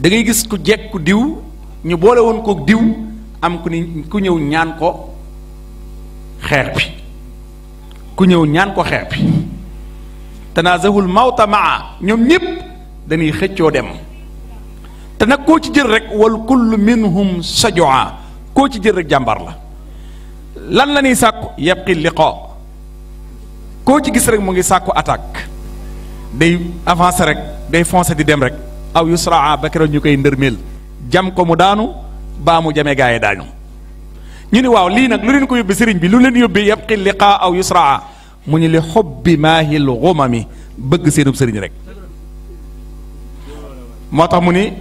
da ngay gis ku jekku diw ñu boole woon ko diw am ku ni ku ñëw ñaan ko xeer bi ku ñëw ñaan ko xeex bi tanaazahul mawta maa ñoom ñëpp dañuy xëccoo dem te nag koo ci jël rek wal kullu minhum sajoa koo ci jël rek jàmbar la lan la ñuy sàkku yabqi liqa koo ci gis rek mu ngi sàkku attaque day avancer rek day foncer di dem rek aw yusraa bakira ñu koy ndërmeel jam ko mu daanu baa mu jamee gaay yi daañu ñu ni waaw lii nag lu leen ko yóbbee sëriñ bi lu leen yóbbee yabqi liqaa aw yusraa mu ñu li xubbi maahil xumami bëgg seenub sëriñ rek moo tax mu ni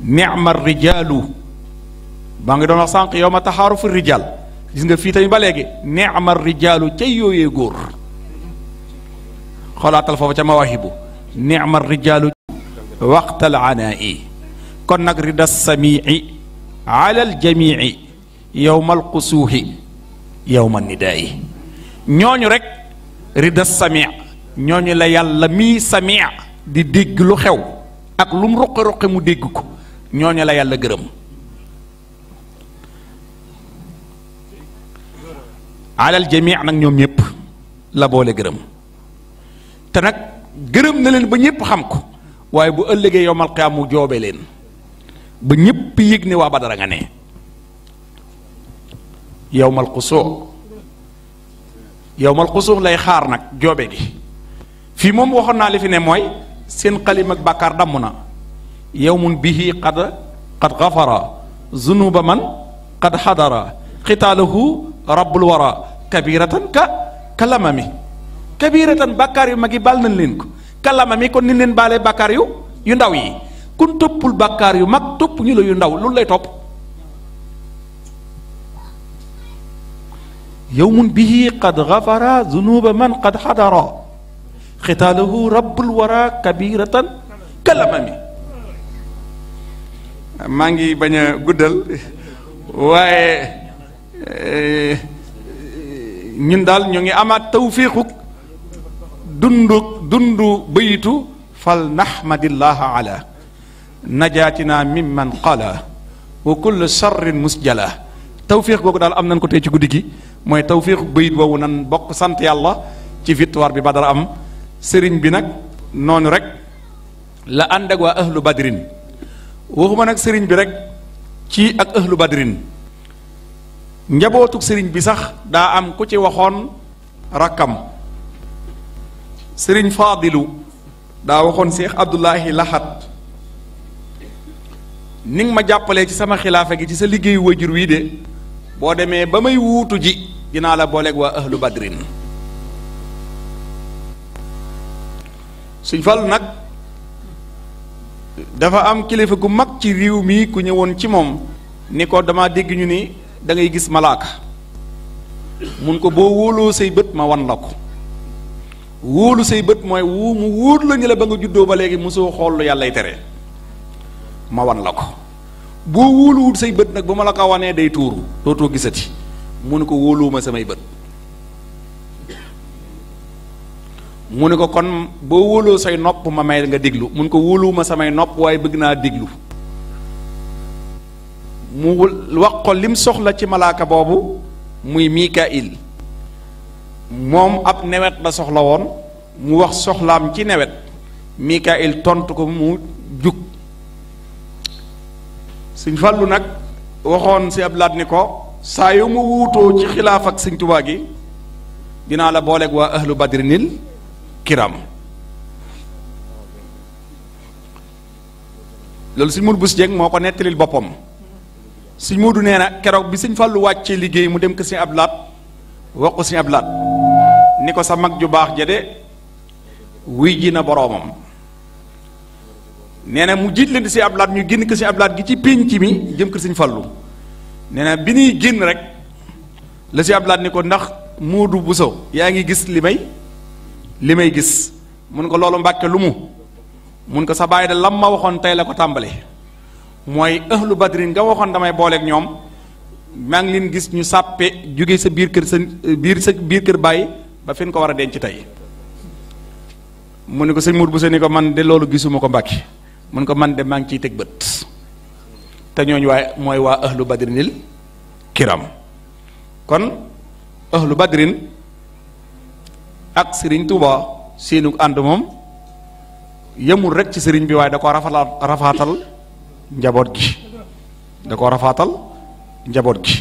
nicma rijalu maa ngi doon wax sànq yow ma taxaarufu rijal gis nga fii tamit ba léegi nicma rijalu ca yooyee góor xoolaatal foofu ca mawaahibu nicma rijaalu waqtal anaa'i kon nag rida samii ala aljamii yowmal qusuuhi yowma nidaayi ñooñu rek rida samia ñooñu la yàlla mii samia di dégg lu xew ak lu mu ruqi ruqi mu dégg ko ñooñu la yàlla gërëm alal jamii nag ñoom ñépp la boole gërëm te nag gërëm na leen ba ñépp xam ko waaye bu ëllëgee yowmal qiyaam mu joobe leen ba ñépp yëg ne waa Badara nga ne يوم القصور يوم القصور لا يخار نك جوبي في موم وخنا لي في نموي سين قليم بكار دمنا يوم به قد قد غفر ذنوب من قد حضر قتاله رب الورى كبيرة ك كلمامي كبيرة بكاري مجي بالن لينك كلمامي كون نين بالي بكاريو يو يونداوي كون توبول بكاريو مك توب نيلو يونداو لون توب يوم به قد غفر ذنوب من قد حضر ختاله رب الورى كبيرة كالأمم maa ngi bañ a guddal waaye ñun daal ñu ngi amaat tawfiquk dundu dundu bayitu fal naxmadillaha ala najaatina mimman qala wa kullu sarrin musjala tawfiq gogu dal am nañ ko tey ci guddigi moy mooy tawfiq bayit woowu nan bok sante yalla ci victoire bi badar am serigne bi nak nonu rek la andak wa ahlu badrin waxuma nak serigne bi rek ci ak ahlu badrin njabotuk serigne bi sax da am ku ci waxon rakam serigne fadilu da waxon cheikh abdullahi lahat ning ma jappale ci sama khilafa gi ci sa liggéeyu wajur wi de boo demee ba may wuutu ji dinaa la booleek waa ahlu badrin suñ fal nag dafa am kilifa gu mag ci réew mi ku ñëwoon ci moom ni ko dama dégg ñu ni dangay gis malaaka mun ko boo wóoloo say bët ma wan la ko wóolu say bët mooy wu mu wóor la la ba nga juddoo ba léegi mosoo xool lu yàllay tere ma wan la ko boo wóoluwul say bët nag bu ma la ko wanee day tuuru dootoo gisati mu ne ko wóoluwuma samay bët mu ne ko kon boo wóoloo say nopp ma may nga déglu mu ko wóoluwuma samay nopp waaye bëgg naa déglu mu wax ko lim soxla ci malaaka boobu muy Mikail moom ab newet la soxla woon mu wax soxlaam ci newet Mikail tontu ko mu jug sëñ nak nak waxon si ablad niko ni ko saa yu mu wuutoo ci khilaf ak sëñ tubaa gi dina la bolek wa ahlu badrinil kiram lol sëñ Modu Bus Jeng moo ko nettalil boppam sëñ Modu nee bi sëñ fallu wacce liggéey mu dem ke sëñ ab waxu wax ko ni ko sa mag ju bax de ji na nee mu jiit ci ablad si ñu génn ko ci ablad gi ci pinc mi jëm kër seigne fallu nee bi ni rek la ci ablad ni ko ndax modou bu saw gis li limay gis mun ko lolu mbacke lumu mun ko sa baye da lam ma waxon tay la ko tàmbali moy ahlu badrin nga waxon damay booleeg ñom ma ngi leen gis ñu sappé jóge sa biir kër sa biir sa biir kër baye ba fin ko wara denc tay mu ne ko seigne modou bu ni ko man de lolu gisuma ko mbacke mën ko man de mang ci tek beut te ñooñu waaye moy wa ahlu badrinil kiram kon ahlu badrin ak serigne touba seenu and mom yemul rek ci serigne bi way da ko rafatal rafatal njabot gi da ko rafatal njabot gi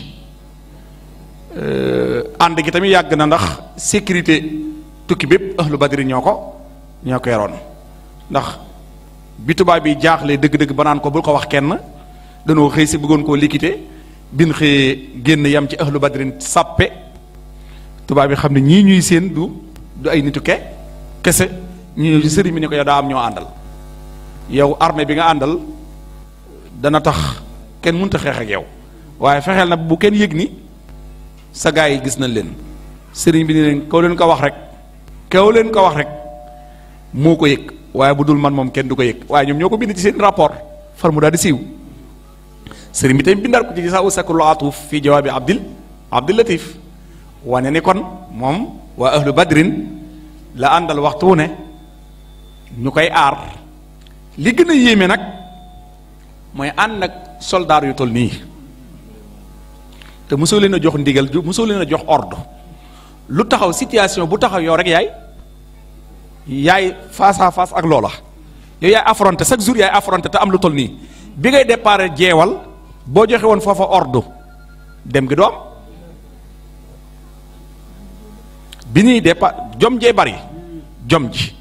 and gi tammi yag na ndax sécurité tukki bépp ahlu badrin ñoko ñoko yaron ndax bi tubaab bi jaaxle dëgg-dëgg ba naan ko bul ko wax kenn danoo xëy si bëggoon koo liquider bin xëyee génn yam ci ahlu badrin sàppe tubaab bi xam ne ñii ñuy seen du du ay nitu ke kese ñu sëriñ bi ne ko yow daa am ñoo àndal yow armée bi nga àndal dana tax kenn mënut a xeex ak yow waaye fexeel na bu kenn yëg ni sa gaa yi gis nañ leen sëriñ bi ne leen kaw leen ko wax rek kaw leen ko wax rek moo ko yëg waaye bu man moom kenn du ko yëg waaye ñoom ñoo ko bind ci seen rapport far mu daal di siiw sëriñ bi tamit bindal ko ci saa sakku laatuf fii jawaabi abdil abdil latif wane ni kon moom waa ahlu badrin la àndal waxtu wu ne ñu koy aar li gën a yéeme nag mooy ànd ak soldaar yu toll nii te mosoo leen a jox ndigal mosoo leen a jox ordre lu taxaw situation bu taxaw yow rek yaay yaay face à face ak loola yow yaay affronté chaque jour yaay affronté te am lu toll nii bi ngay départ jeewal boo joxe woon foofa ordre dem gi doo bi ñuy départ jom jee bari jom ji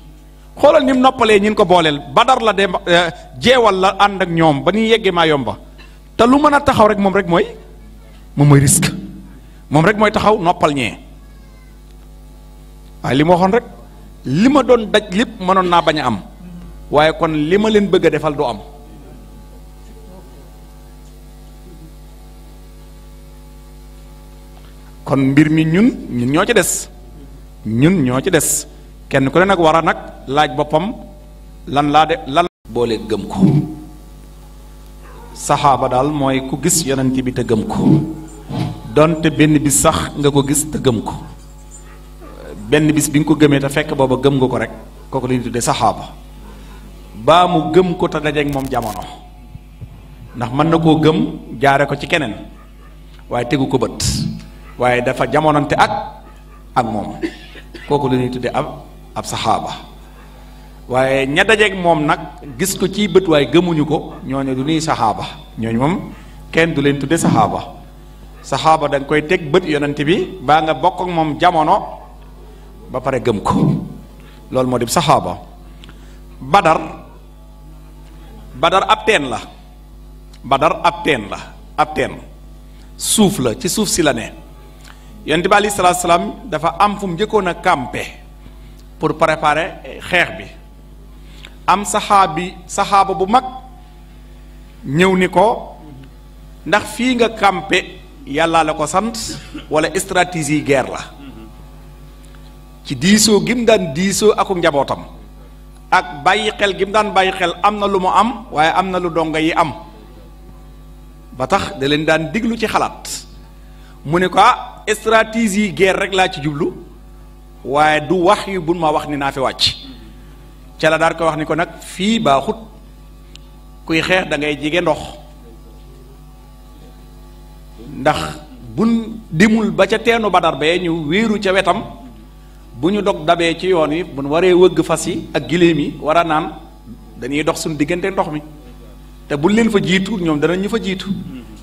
xoolal ni mu noppalee ñin ko booleel ba dar la dem eh, jeewal la ànd ak ñoom ba ñuy yeggee maa yomba te lu mën a taxaw rek moom rek mooy moom mooy risque moom rek mooy taxaw noppal ñee waaye li mu waxoon rek li ma doon daj lépp mënoon naa bañ a am waaye kon li ma leen bëgg a defal du am kon mbir mi ñun ñun ñoo ci des ñun ñoo ci des kenn ku ne nag war a nag laaj boppam lan laa de lan boole gëm ko saxaaba daal mooy ku gis yeneen bi te gëm ko donte benn bi sax nga ko gis te gëm ko benn bis bi nga ko gëmee te fekk booba gëm nga ko rek kooku la ñuy tuddee saxaaba baa mu gëm ko te dajeeg moom jamono ndax mën na koo gëm jaare ko ci keneen waaye tegu ko bët waaye dafa jamonante ak ak moom kooku la ñuy tuddee ab ab saxaaba waaye ña dajeeg moom nag gis ko ci bët waaye gëmuñu ko ñooñu du ñuy saxaaba ñooñu moom kenn du leen tuddee saxaaba saxaaba da nga koy teg bët yonent bi baa nga bokk moom jamono. ba pare gëm ko loolu moo di saxaaba badar badar ab teen la badar ab teen la ab teen suuf la ci suuf si la ne yonent bi aleyhi salaatu salaam dafa am fu mu njëkkoon a campé pour préparer xeex bi am saxaabi saxaaba bu mag ñëw ni ko ndax fii nga campé yàllaa la ko sant wala stratégie guerre la ci diisoo gim daan diisoo aku njabootam ak bàyyi xel gim daan bàyyi xel am na lu mu am waaye am na lu donga yi am ba tax da leen daan diglu ci xalaat mu ne ko ah, stratégie guerre rek laa ci jublu waaye du wax yu bun ma wax ni naa fi wàcc ca la daal ko wax ni ko nag fii baaxut kuy xeex dangay jige ndox ndax bun dimul ba ca teenu badar bee ñu wéeru ca wetam buñu dog dabé ci yoon yi bu waré wëgg fasi ak gileem yi a naan dañuy dox sun digënté ndox mi té bu leen fa jitu ñom danañ ñu fa jitu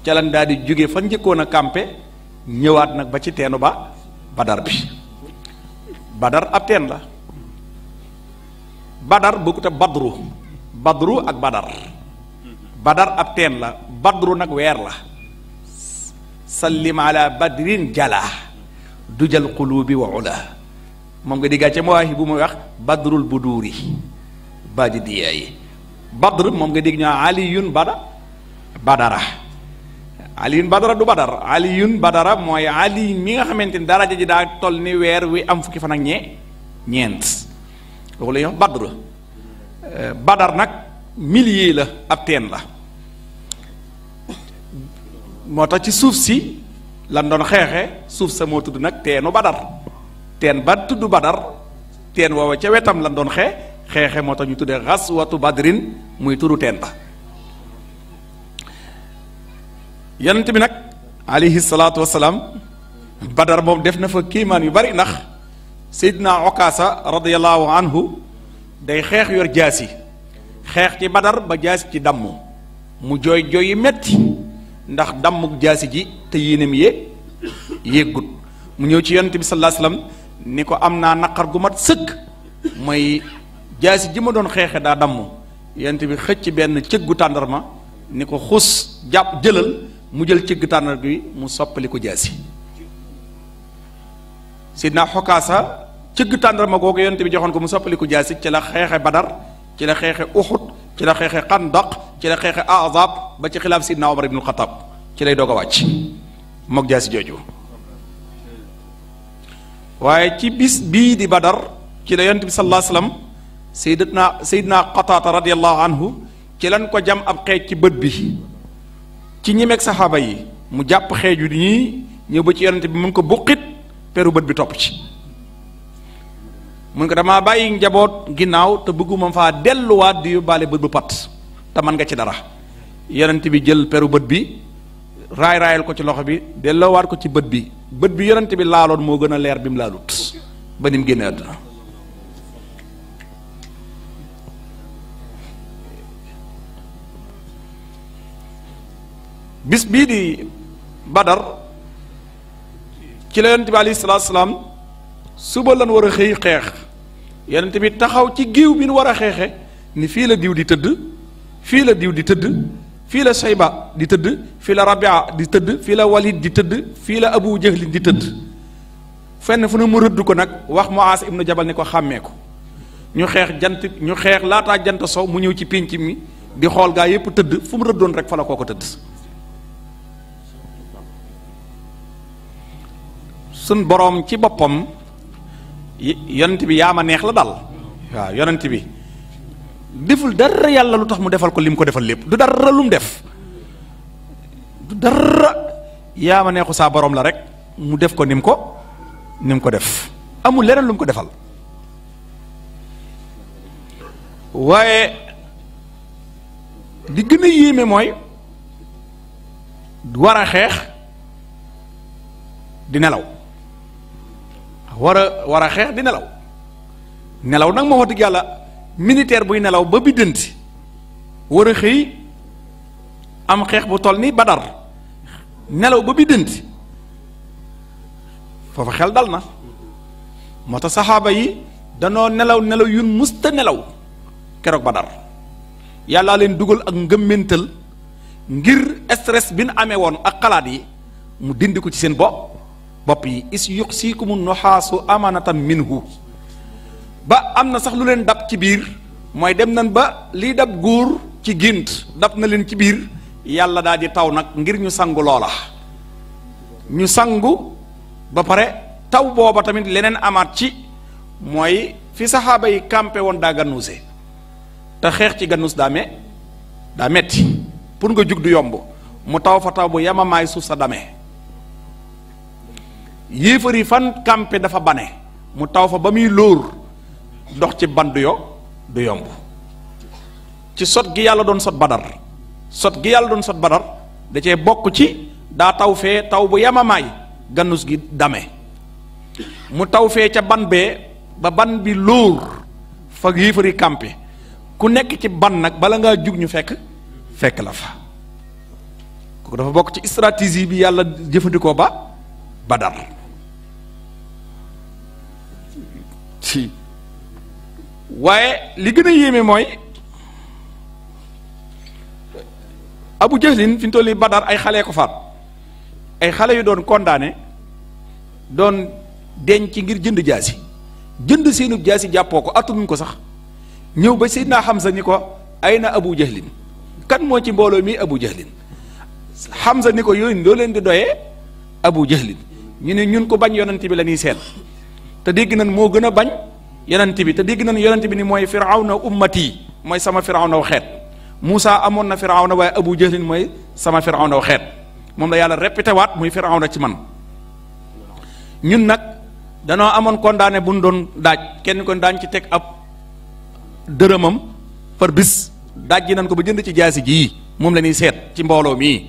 ci lan daal di juggé fa njëkkoon na campé ñëwaat nak ba ci ténu ba badar bi badar ab la badar bokkut ak badru badru ak badar badar ab teen la badru nak wër la sallim ala badrin jala dujal qulubi wa ula mom nga déggaat ca Badrul ah, bu muy wax ah, badrul buduri badidiya yi eh. badr mom nga dégg aliyun bada badara aliyun badara du badar aliyun badara moy ali mi nga xamanteni dara daraja ji daa toll ni weer wi am fukki fan ak ñe ñent lolu badr eh, badar nak mililah la ab teen la moo ci souf si lan souf sa mo nak badar ten ba tuddu badar ten woowa ci wetam lan doon xé xé moo tax ñu tuddee xas badrin muy turu ten ba yonent bi nak alayhi salatu wassalam badar mom def na fa kiman yu bari nak seydina ukasa radiyallahu anhu day xex yor jasi xex ci badar ba jasi ci damm mu joy joy yi metti ndax dammuk jasi ji te yéenam ye yegut mu ñew ci yonent bi sallallahu alayhi wasallam ni ko am naa naqar gu mat sëkk mooy jaasi ji ma doon xeexe daa damm yent bi xëcc benn cëggu tàndarma ni ko xus jàpp jëlal mu jël cëgg tàndar bi mu soppali ko jaasi sidna xokaasa cëgg tàndarma googu yent bi joxoon ko mu soppali ko jaasi ci la xeexe badar ci la xeexe uxut ci la xeexe xandaq ci la xeexe azab ba ci xilaaf sidna omar ibnul xataab ci lay doog a wàcc mook jaasi jooju waye ci bis bi di badar ci la yantibi sallallahu alayhi wasallam sayyidna sayyidna qatata radiyallahu anhu ci lan ko jam ab xej ci bët bi ci ñi mek sahaba yi mu japp xeeju ni ñii ñëw ba ci yantibi mu ko buqit peru bët bi top ci mu ko dama bayyi njabot ginaaw te bëgguma delu wat di yóbbaale bët bu pat ta man nga ci dara yantibi jël peru bi raay raayal ko ci loxo bi delloowaat ko ci bët bi bët bi yonent bi laaloon moo gën a leer bi mu laalut ba ni mu génnee àdduna bis bii di badar ci la yonent bi alayhi salaam suba lan war a xëy xeex yonent bi taxaw ci géew bi nu war a xeexe ni fii la diw di tëdd fii la diw di tëdd Fila la sayba di teud fi la rabia di teud fi la walid di teud fi la abu jahl di teud fenn fu ne mu rëdd ko nak wax muas ibnu jabal ne ko xamé ko ñu xex jant ñu xeex laataa jant so mu ñew ci pinci mi di xol ga yep teud fu mu rek fa la koko teud sun borom ci bopam yonent bi yaa neex la dal wa yonent bi deful dara yalla lutax mu defal ko lim ko defal lepp du dara lum def du dara ya ma neexu sa borom la rek mu def ko nim ko nim ko def amul leneen lum ko defal waye di gëna a yéeme mooy war a xeex di nelaw war a war di nelaw nelaw nag moo wax dëgg militaire buy nelaw ba bi dënti war a xëy am xeex bu toll ni badar nelaw ba bi dënti foofa xel dal na moo tax saxaaba yi danoo nelaw nelaw yu musta nelaw keroog badar yàllaa leen dugal ak ngëmmental ngir estres bi nu amee woon ak xalaat yi mu dindi ko ci seen bopp bopp yi is yuqsiikumu nuxaasu amanatan minhu ba am na sax lu leen dab ci biir mooy dem nañ ba lii dab góor ci gént dab na leen ci biir yàlla daal di taw nag ngir ñu sangu loola ñu sangu ba pare taw booba tamit leneen amaat ci mooy fi saxaaba yi campé woon daa gannuuse te xeex ci gannuus daa daa metti pour nga jug du yomb mu taw fa taw bu yamamaay suuf sa dame yéefar fan campé dafa bane mu taw fa ba muy lóor dox ci band yo du yomb ci sot gi yalla don sot badar sot gi yalla don sot badar da ci bok ci da taw fee taw bu may ganus gi damé mu taw fe ca ban be ba ban bi lour fa yéefari campé ku nek ci ban nak bala nga jug ñu fekk fekk la fa kooku dafa bokk ci stratégie bi yalla jëfëndiko ba badar ci waaye li gën a yéeme mooy abu jahlin fi ñu toll badar ay xale ko faat ay xale yu doon condamné doon denc ngir jënd jaasi jënd seenub jaasi jàppoo ko attanuñ ko sax ñëw ba Seydina Hamza ni ko ay na abu jahlin kan moo ci mbooloo mii abu jahlin Hamza ni ko yooyu loo leen di doyee abu jahlin ñu ne ñun ko bañ yonent bi la ñuy seen te dégg nañ moo gën a bañ yonent bi te dégg nañu yonent bi ni mooy firawna ummati mooy sama firawna wu xeet Musa amoon na firawna waaye Abu Jahlin mooy sama firawna wu xeet moom la yàlla répété waat muy firawna ci man ñun nag danoo amoon condamné bu doon daaj kenn kon daañ ci teg ab dërëmam par bis daaj ji nañ ko ba jënd ci jaasi jii moom la ni seet ci mbooloo mii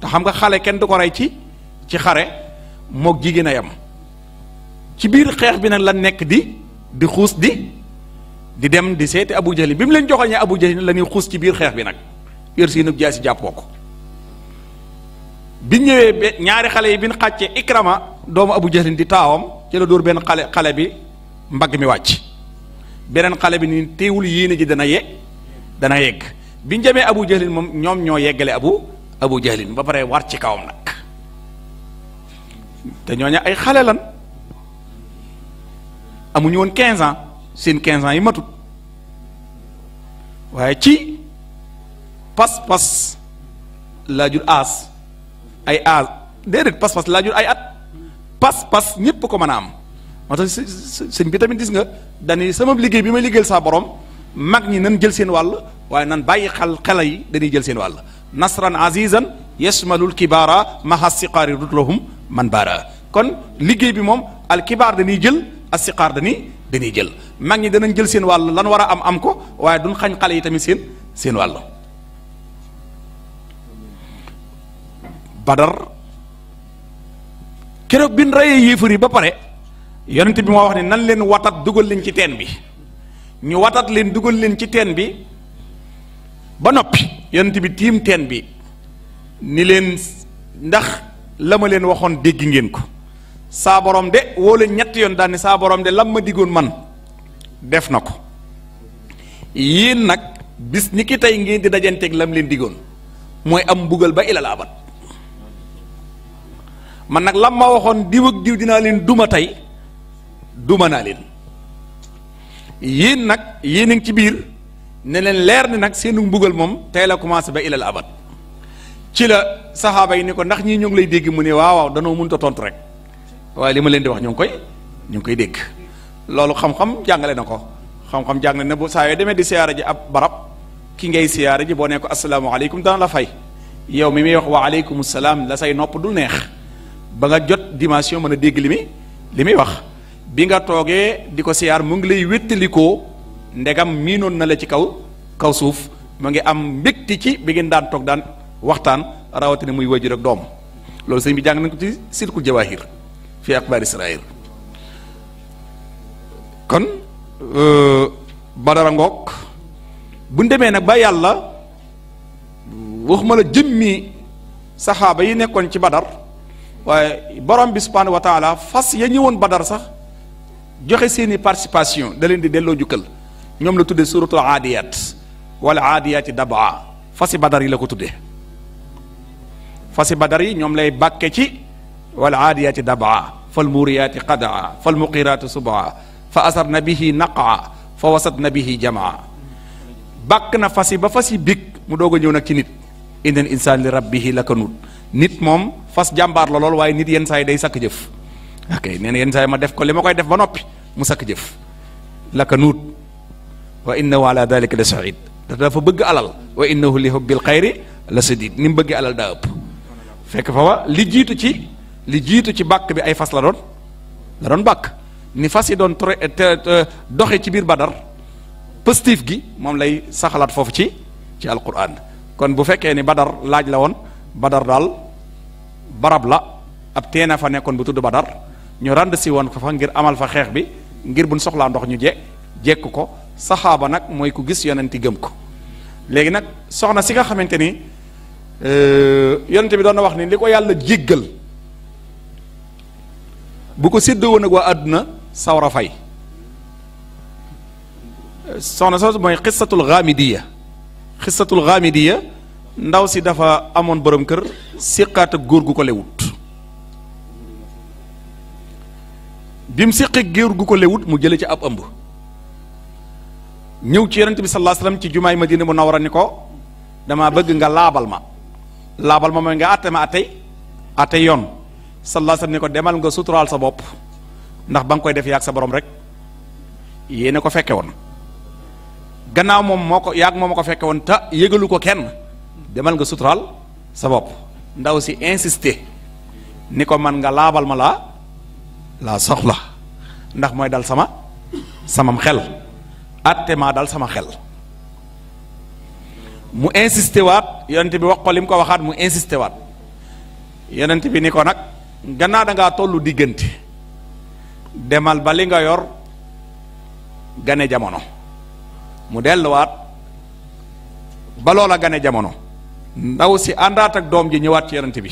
te xam nga xale kenn du ko rey ci ci xare moog jigéen a yam ci biir xeex bi nag la nekk di di xuus di di dem di seeti abu jahli bi mu leen abu jahli la ñuy xuus ci biir xeex bi nag yor si nag jaasi jàppoo ko bi ñëwee ñaari xale yi bi ikrama doomu abu jahli di taawam ci la dóor benn xale xale bi mbagg mi wàcc beneen xale bi ni teewul yéene ji dana ye dana yegg bi ñu jamee abu jahli moom ñoom ñoo yeggale abu abu jahli ba pare war ci kawam nag te ay xale lan amuñu won 15 ans seen 15 ans yi matut waye ci pass pass la jur as ay as dedet pass pass la jur ay at pass pass ñépp ko mëna am moo tax sëñ bi tamit gis nga dañi sama liggey bi may liggéeyal saa borom mag ñi nan jël seen wàll waye nan bàyyi xal xalay dañi jël seen wàll nasran azizan yashmalul kibara maha siqaari rutlahum man baara kon liggey bi mom al kibar dañi jël assiqaar dañuy dañuy jël mag ñi danañ jël seen wàll lan war a am am ko waaye duñ xañ xale yi tamit seen seen wàll badar keroog bin reyee yéefar yi ba pare yonent bi moo wax ne nan leen watat dugal leen ci teen bi ñu watat leen dugal leen ci teen bi ba noppi yonent bi tiim teen bi ni leen ndax la ma leen waxoon dégg ngeen ko sa borom de wóolu ñett yoon daal ne borom de lam ma digoon man def nako ko nak bis ni ki tey ngeen di ak lam leen digoon moy am bugal ba ila labat man nak lam ma waxon diw ak diw dina leen duma tay duma na leen yéen nak yéen a ci bir ne leen leer ni nak seenu bugal mom tay la commencé ba ila labat ci la sahaba yi ni ko ndax ñi ñoo ngi lay deg mu ne waaw waaw mën ta tontu rek waaye lima ma leen di wax ñu ngi koy ñu ngi koy dégg loolu xam-xam ko xam-xam jàngale na bu saa yoo demee di siyaara ji ab barab ki ngay siyaara ji boo asalamu ko asalaamaaleykum dana la fay yow mi muy wax wa salam la say nopp du neex ba nga jot dimension mën a limi limi mi wax di ko siar mu ngi lay wéttalikoo ndegam na la ci kaw kaw suuf am bik ci bi ngeen daan dan daan waxtaan rawatina muy wajur ak doom mi sëñ bi nañ ko ci jawahir fi akbar israil kon euh, badara ngoog buñ demee nag ba yàlla waxuma la jëmmi saxaaba yi nekkoon ci badar waaye borom bi subhanahu fas ya ñëwoon badar sax joxe seeni participation da leen di delloo jukkal ñoom la tuddee suratul aadiyat wala aadiyaati dabaa fasi badar yi la ko tuddee fasi badar yi ñoom lay bàkke ci والعاديات دبعا فالموريات قدعا فالمقيرات صبعا فأثرن به نقعا فوسطن به جمعا بقنا فسي بفسي بك مدوغو نيونا كنيت إن الإنسان لربه لكنوت نيت موم فاس جامبار لولول واي نيت ينساي دي ساك جف أكي نين ينساي ما دف كل ما قاي دف بنوبي مساك جف لكنوت وإنه على ذلك لسعيد دافو بغ علال وإنه لحب الخير لسديد نيم بغي علال داب فك فوا تي li jitu ci bak bi ay fas la don la don bak ni fas yi don doxé ci bir badar positif gi mom lay saxalat fofu ci ci alquran kon bu fekkee ni badar laaj la won badar dal, barab la ab teena fa nekkon bu tuddu badar ñu rand si won fa ngir amal fa xex bi ngir buñ soxla ndox ñu je jekk ko sahaba nak moy ku gis yonenti gem ko léegi nak soxna si nga xamanteni euh yonenti bi doon na wax ni liko yalla bu ko séddoo woon ak waa àdduna sawar a fay soxna soxna mooy xisatul xaamidiya xisatul xaamidiya ndaw si dafa amoon borom kër séqaat góor gu ko lewut bi mu séqee góor gu ko lewut mu jële ci ab ëmb ñëw ci yonent bi sallallahu alayhi wasallam ci jumaay madina mu nawara ni ko dama bëgg nga laabal ma laabal ma mooy nga àtte ma àttey àttey yoon sallallahu alayhi wasallam ne ko demal nga sutural sa bop ndax bang koy def yak sa borom rek yene ko fekke won gannaaw mom moko yak mom ko fekke won ta yëgalu ko kenn demal nga sutural sa bop ndaw si insister niko man nga labal mala la soxla ndax moy dal sama samam xel atte ma dal sama xel mu insister wat yonent bi wax ko lim ko waxat mu insister wat yonent bi niko nak gannaaw da ngaa toll diggante demal ba li nga yor gane jamono mu delluwaat ba loola gane jamono ndaw si àndaat ak doom ji ñëwaat ci yonent bi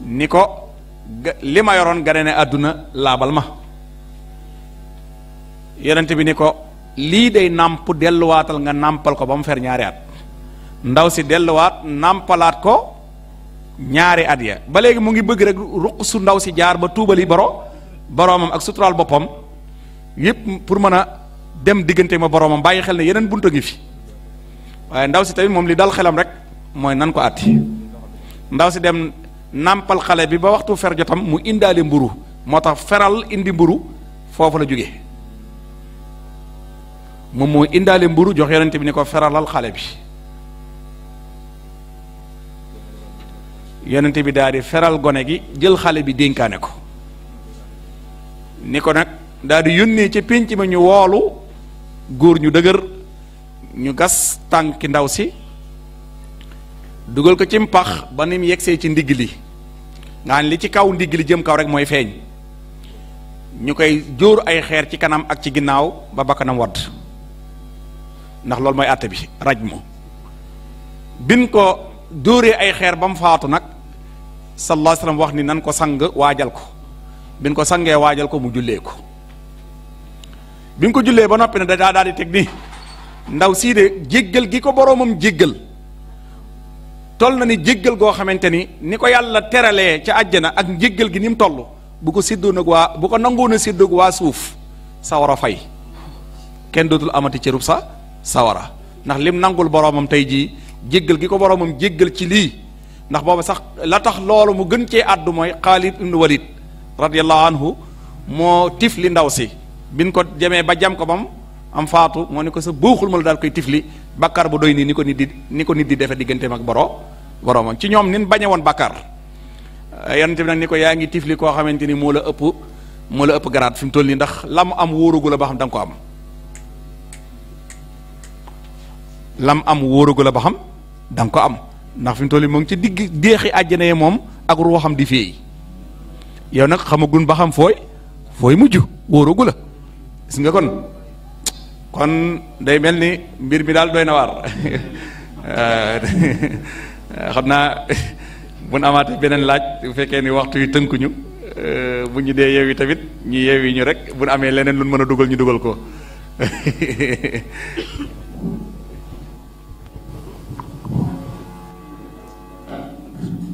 ni ko li yoroon gane ne àdduna laabal ma yonent bi ni ko lii day nàmp delluwaatal nga nàmpal ko ba mu fer ñaari ndaw si delluwaat nàmpalaat ko ñaari at ya ba léegi mu ngi bëgg rek ruq su ndaw si jaar ba tuubali boro boromam ak sutural boppam yépp pour mën dem diggante ma boromam bàyyi xel ne yeneen bunta ngi fi waaye ndaw si tamit moom li dal xelam rek mooy nan ko atti ndaw si dem nampal xale bi ba waxtu fer jotam mu indaale mburu moo feral indi mburu foofu la jóge moom moo indaale mburu jox yonente bi ne ko feralal xale bi yonent bi daal di feral gone gi jël xale bi dénkaane ko ni ko nag daal yónnee ci pénc ma ñu woolu góor ñu dëgër ñu gas tànki ndaw si dugal ko ci mpax ba ni mu yegsee ci ndigg li nga li ci kaw ndigg li jëm kaw rek mooy feeñ ñu koy jóor ay xeer ci kanam ak ci ginnaaw ba bakkanam wadd ndax loolu mooy àtte bi raj mu bin ko dóoree ay xeer ba mu faatu nag sallallahu alayhi wasallam wax ni nan ko sang waajal ko biñ ko sangee waajal ko mu jullee ko biñ ko jullee ba noppi ne da daa daal di teg ni ndaw sii de jéggal gi ko boroomam jéggal toll na ni jéggal goo xamante ni ni ko yàlla teralee ca àjjana ak njéggal gi ni mu toll bu ko séddoon ak waa bu ko nangoona a waa suuf sawar a fay kenn dootul amati cërub sa sawara ndax lim nangul boroomam tey ji jéggal gi ko boroomam jéggal ci lii ndax booba sax la tax loolu mu gën cee addu mooy xaalid ibnu walid radiallahu anhu moo tifli ndaw si bin ko jemee ba jam ko bam am faatu moo ni ko sa buuxul ma la daal koy tifli bakkar bu doy nii ni ko nit di ni ko nit di defe digganteem ak boro boromam ci ñoom nin bañe woon bakkar eh, yonente bi nag ni ko yaa ngi tifli koo xamante ni moo la ëpp moo la ëpp garaat fi mu toll nii ndax lam am wóorugu la ba xam da ko am lam am wóorugu la ba xam da ko am ndax fi mu toll moo ngi ci digg deexi àjjana yi moom ak ruuxam di feey yow nag xamagun ba xam fooy fooy mujj wóoragu la gis nga kon kon day mel ni mbir mi daal doy na waar xam naa bu nu amaatee beneen laaj bu fekkee ni waxtu yu tënkuñu eh, bu ñu dee yeew yi tamit ñu yeew yi ñu rek bu nu amee leneen lu mën a dugal ñu dugal ko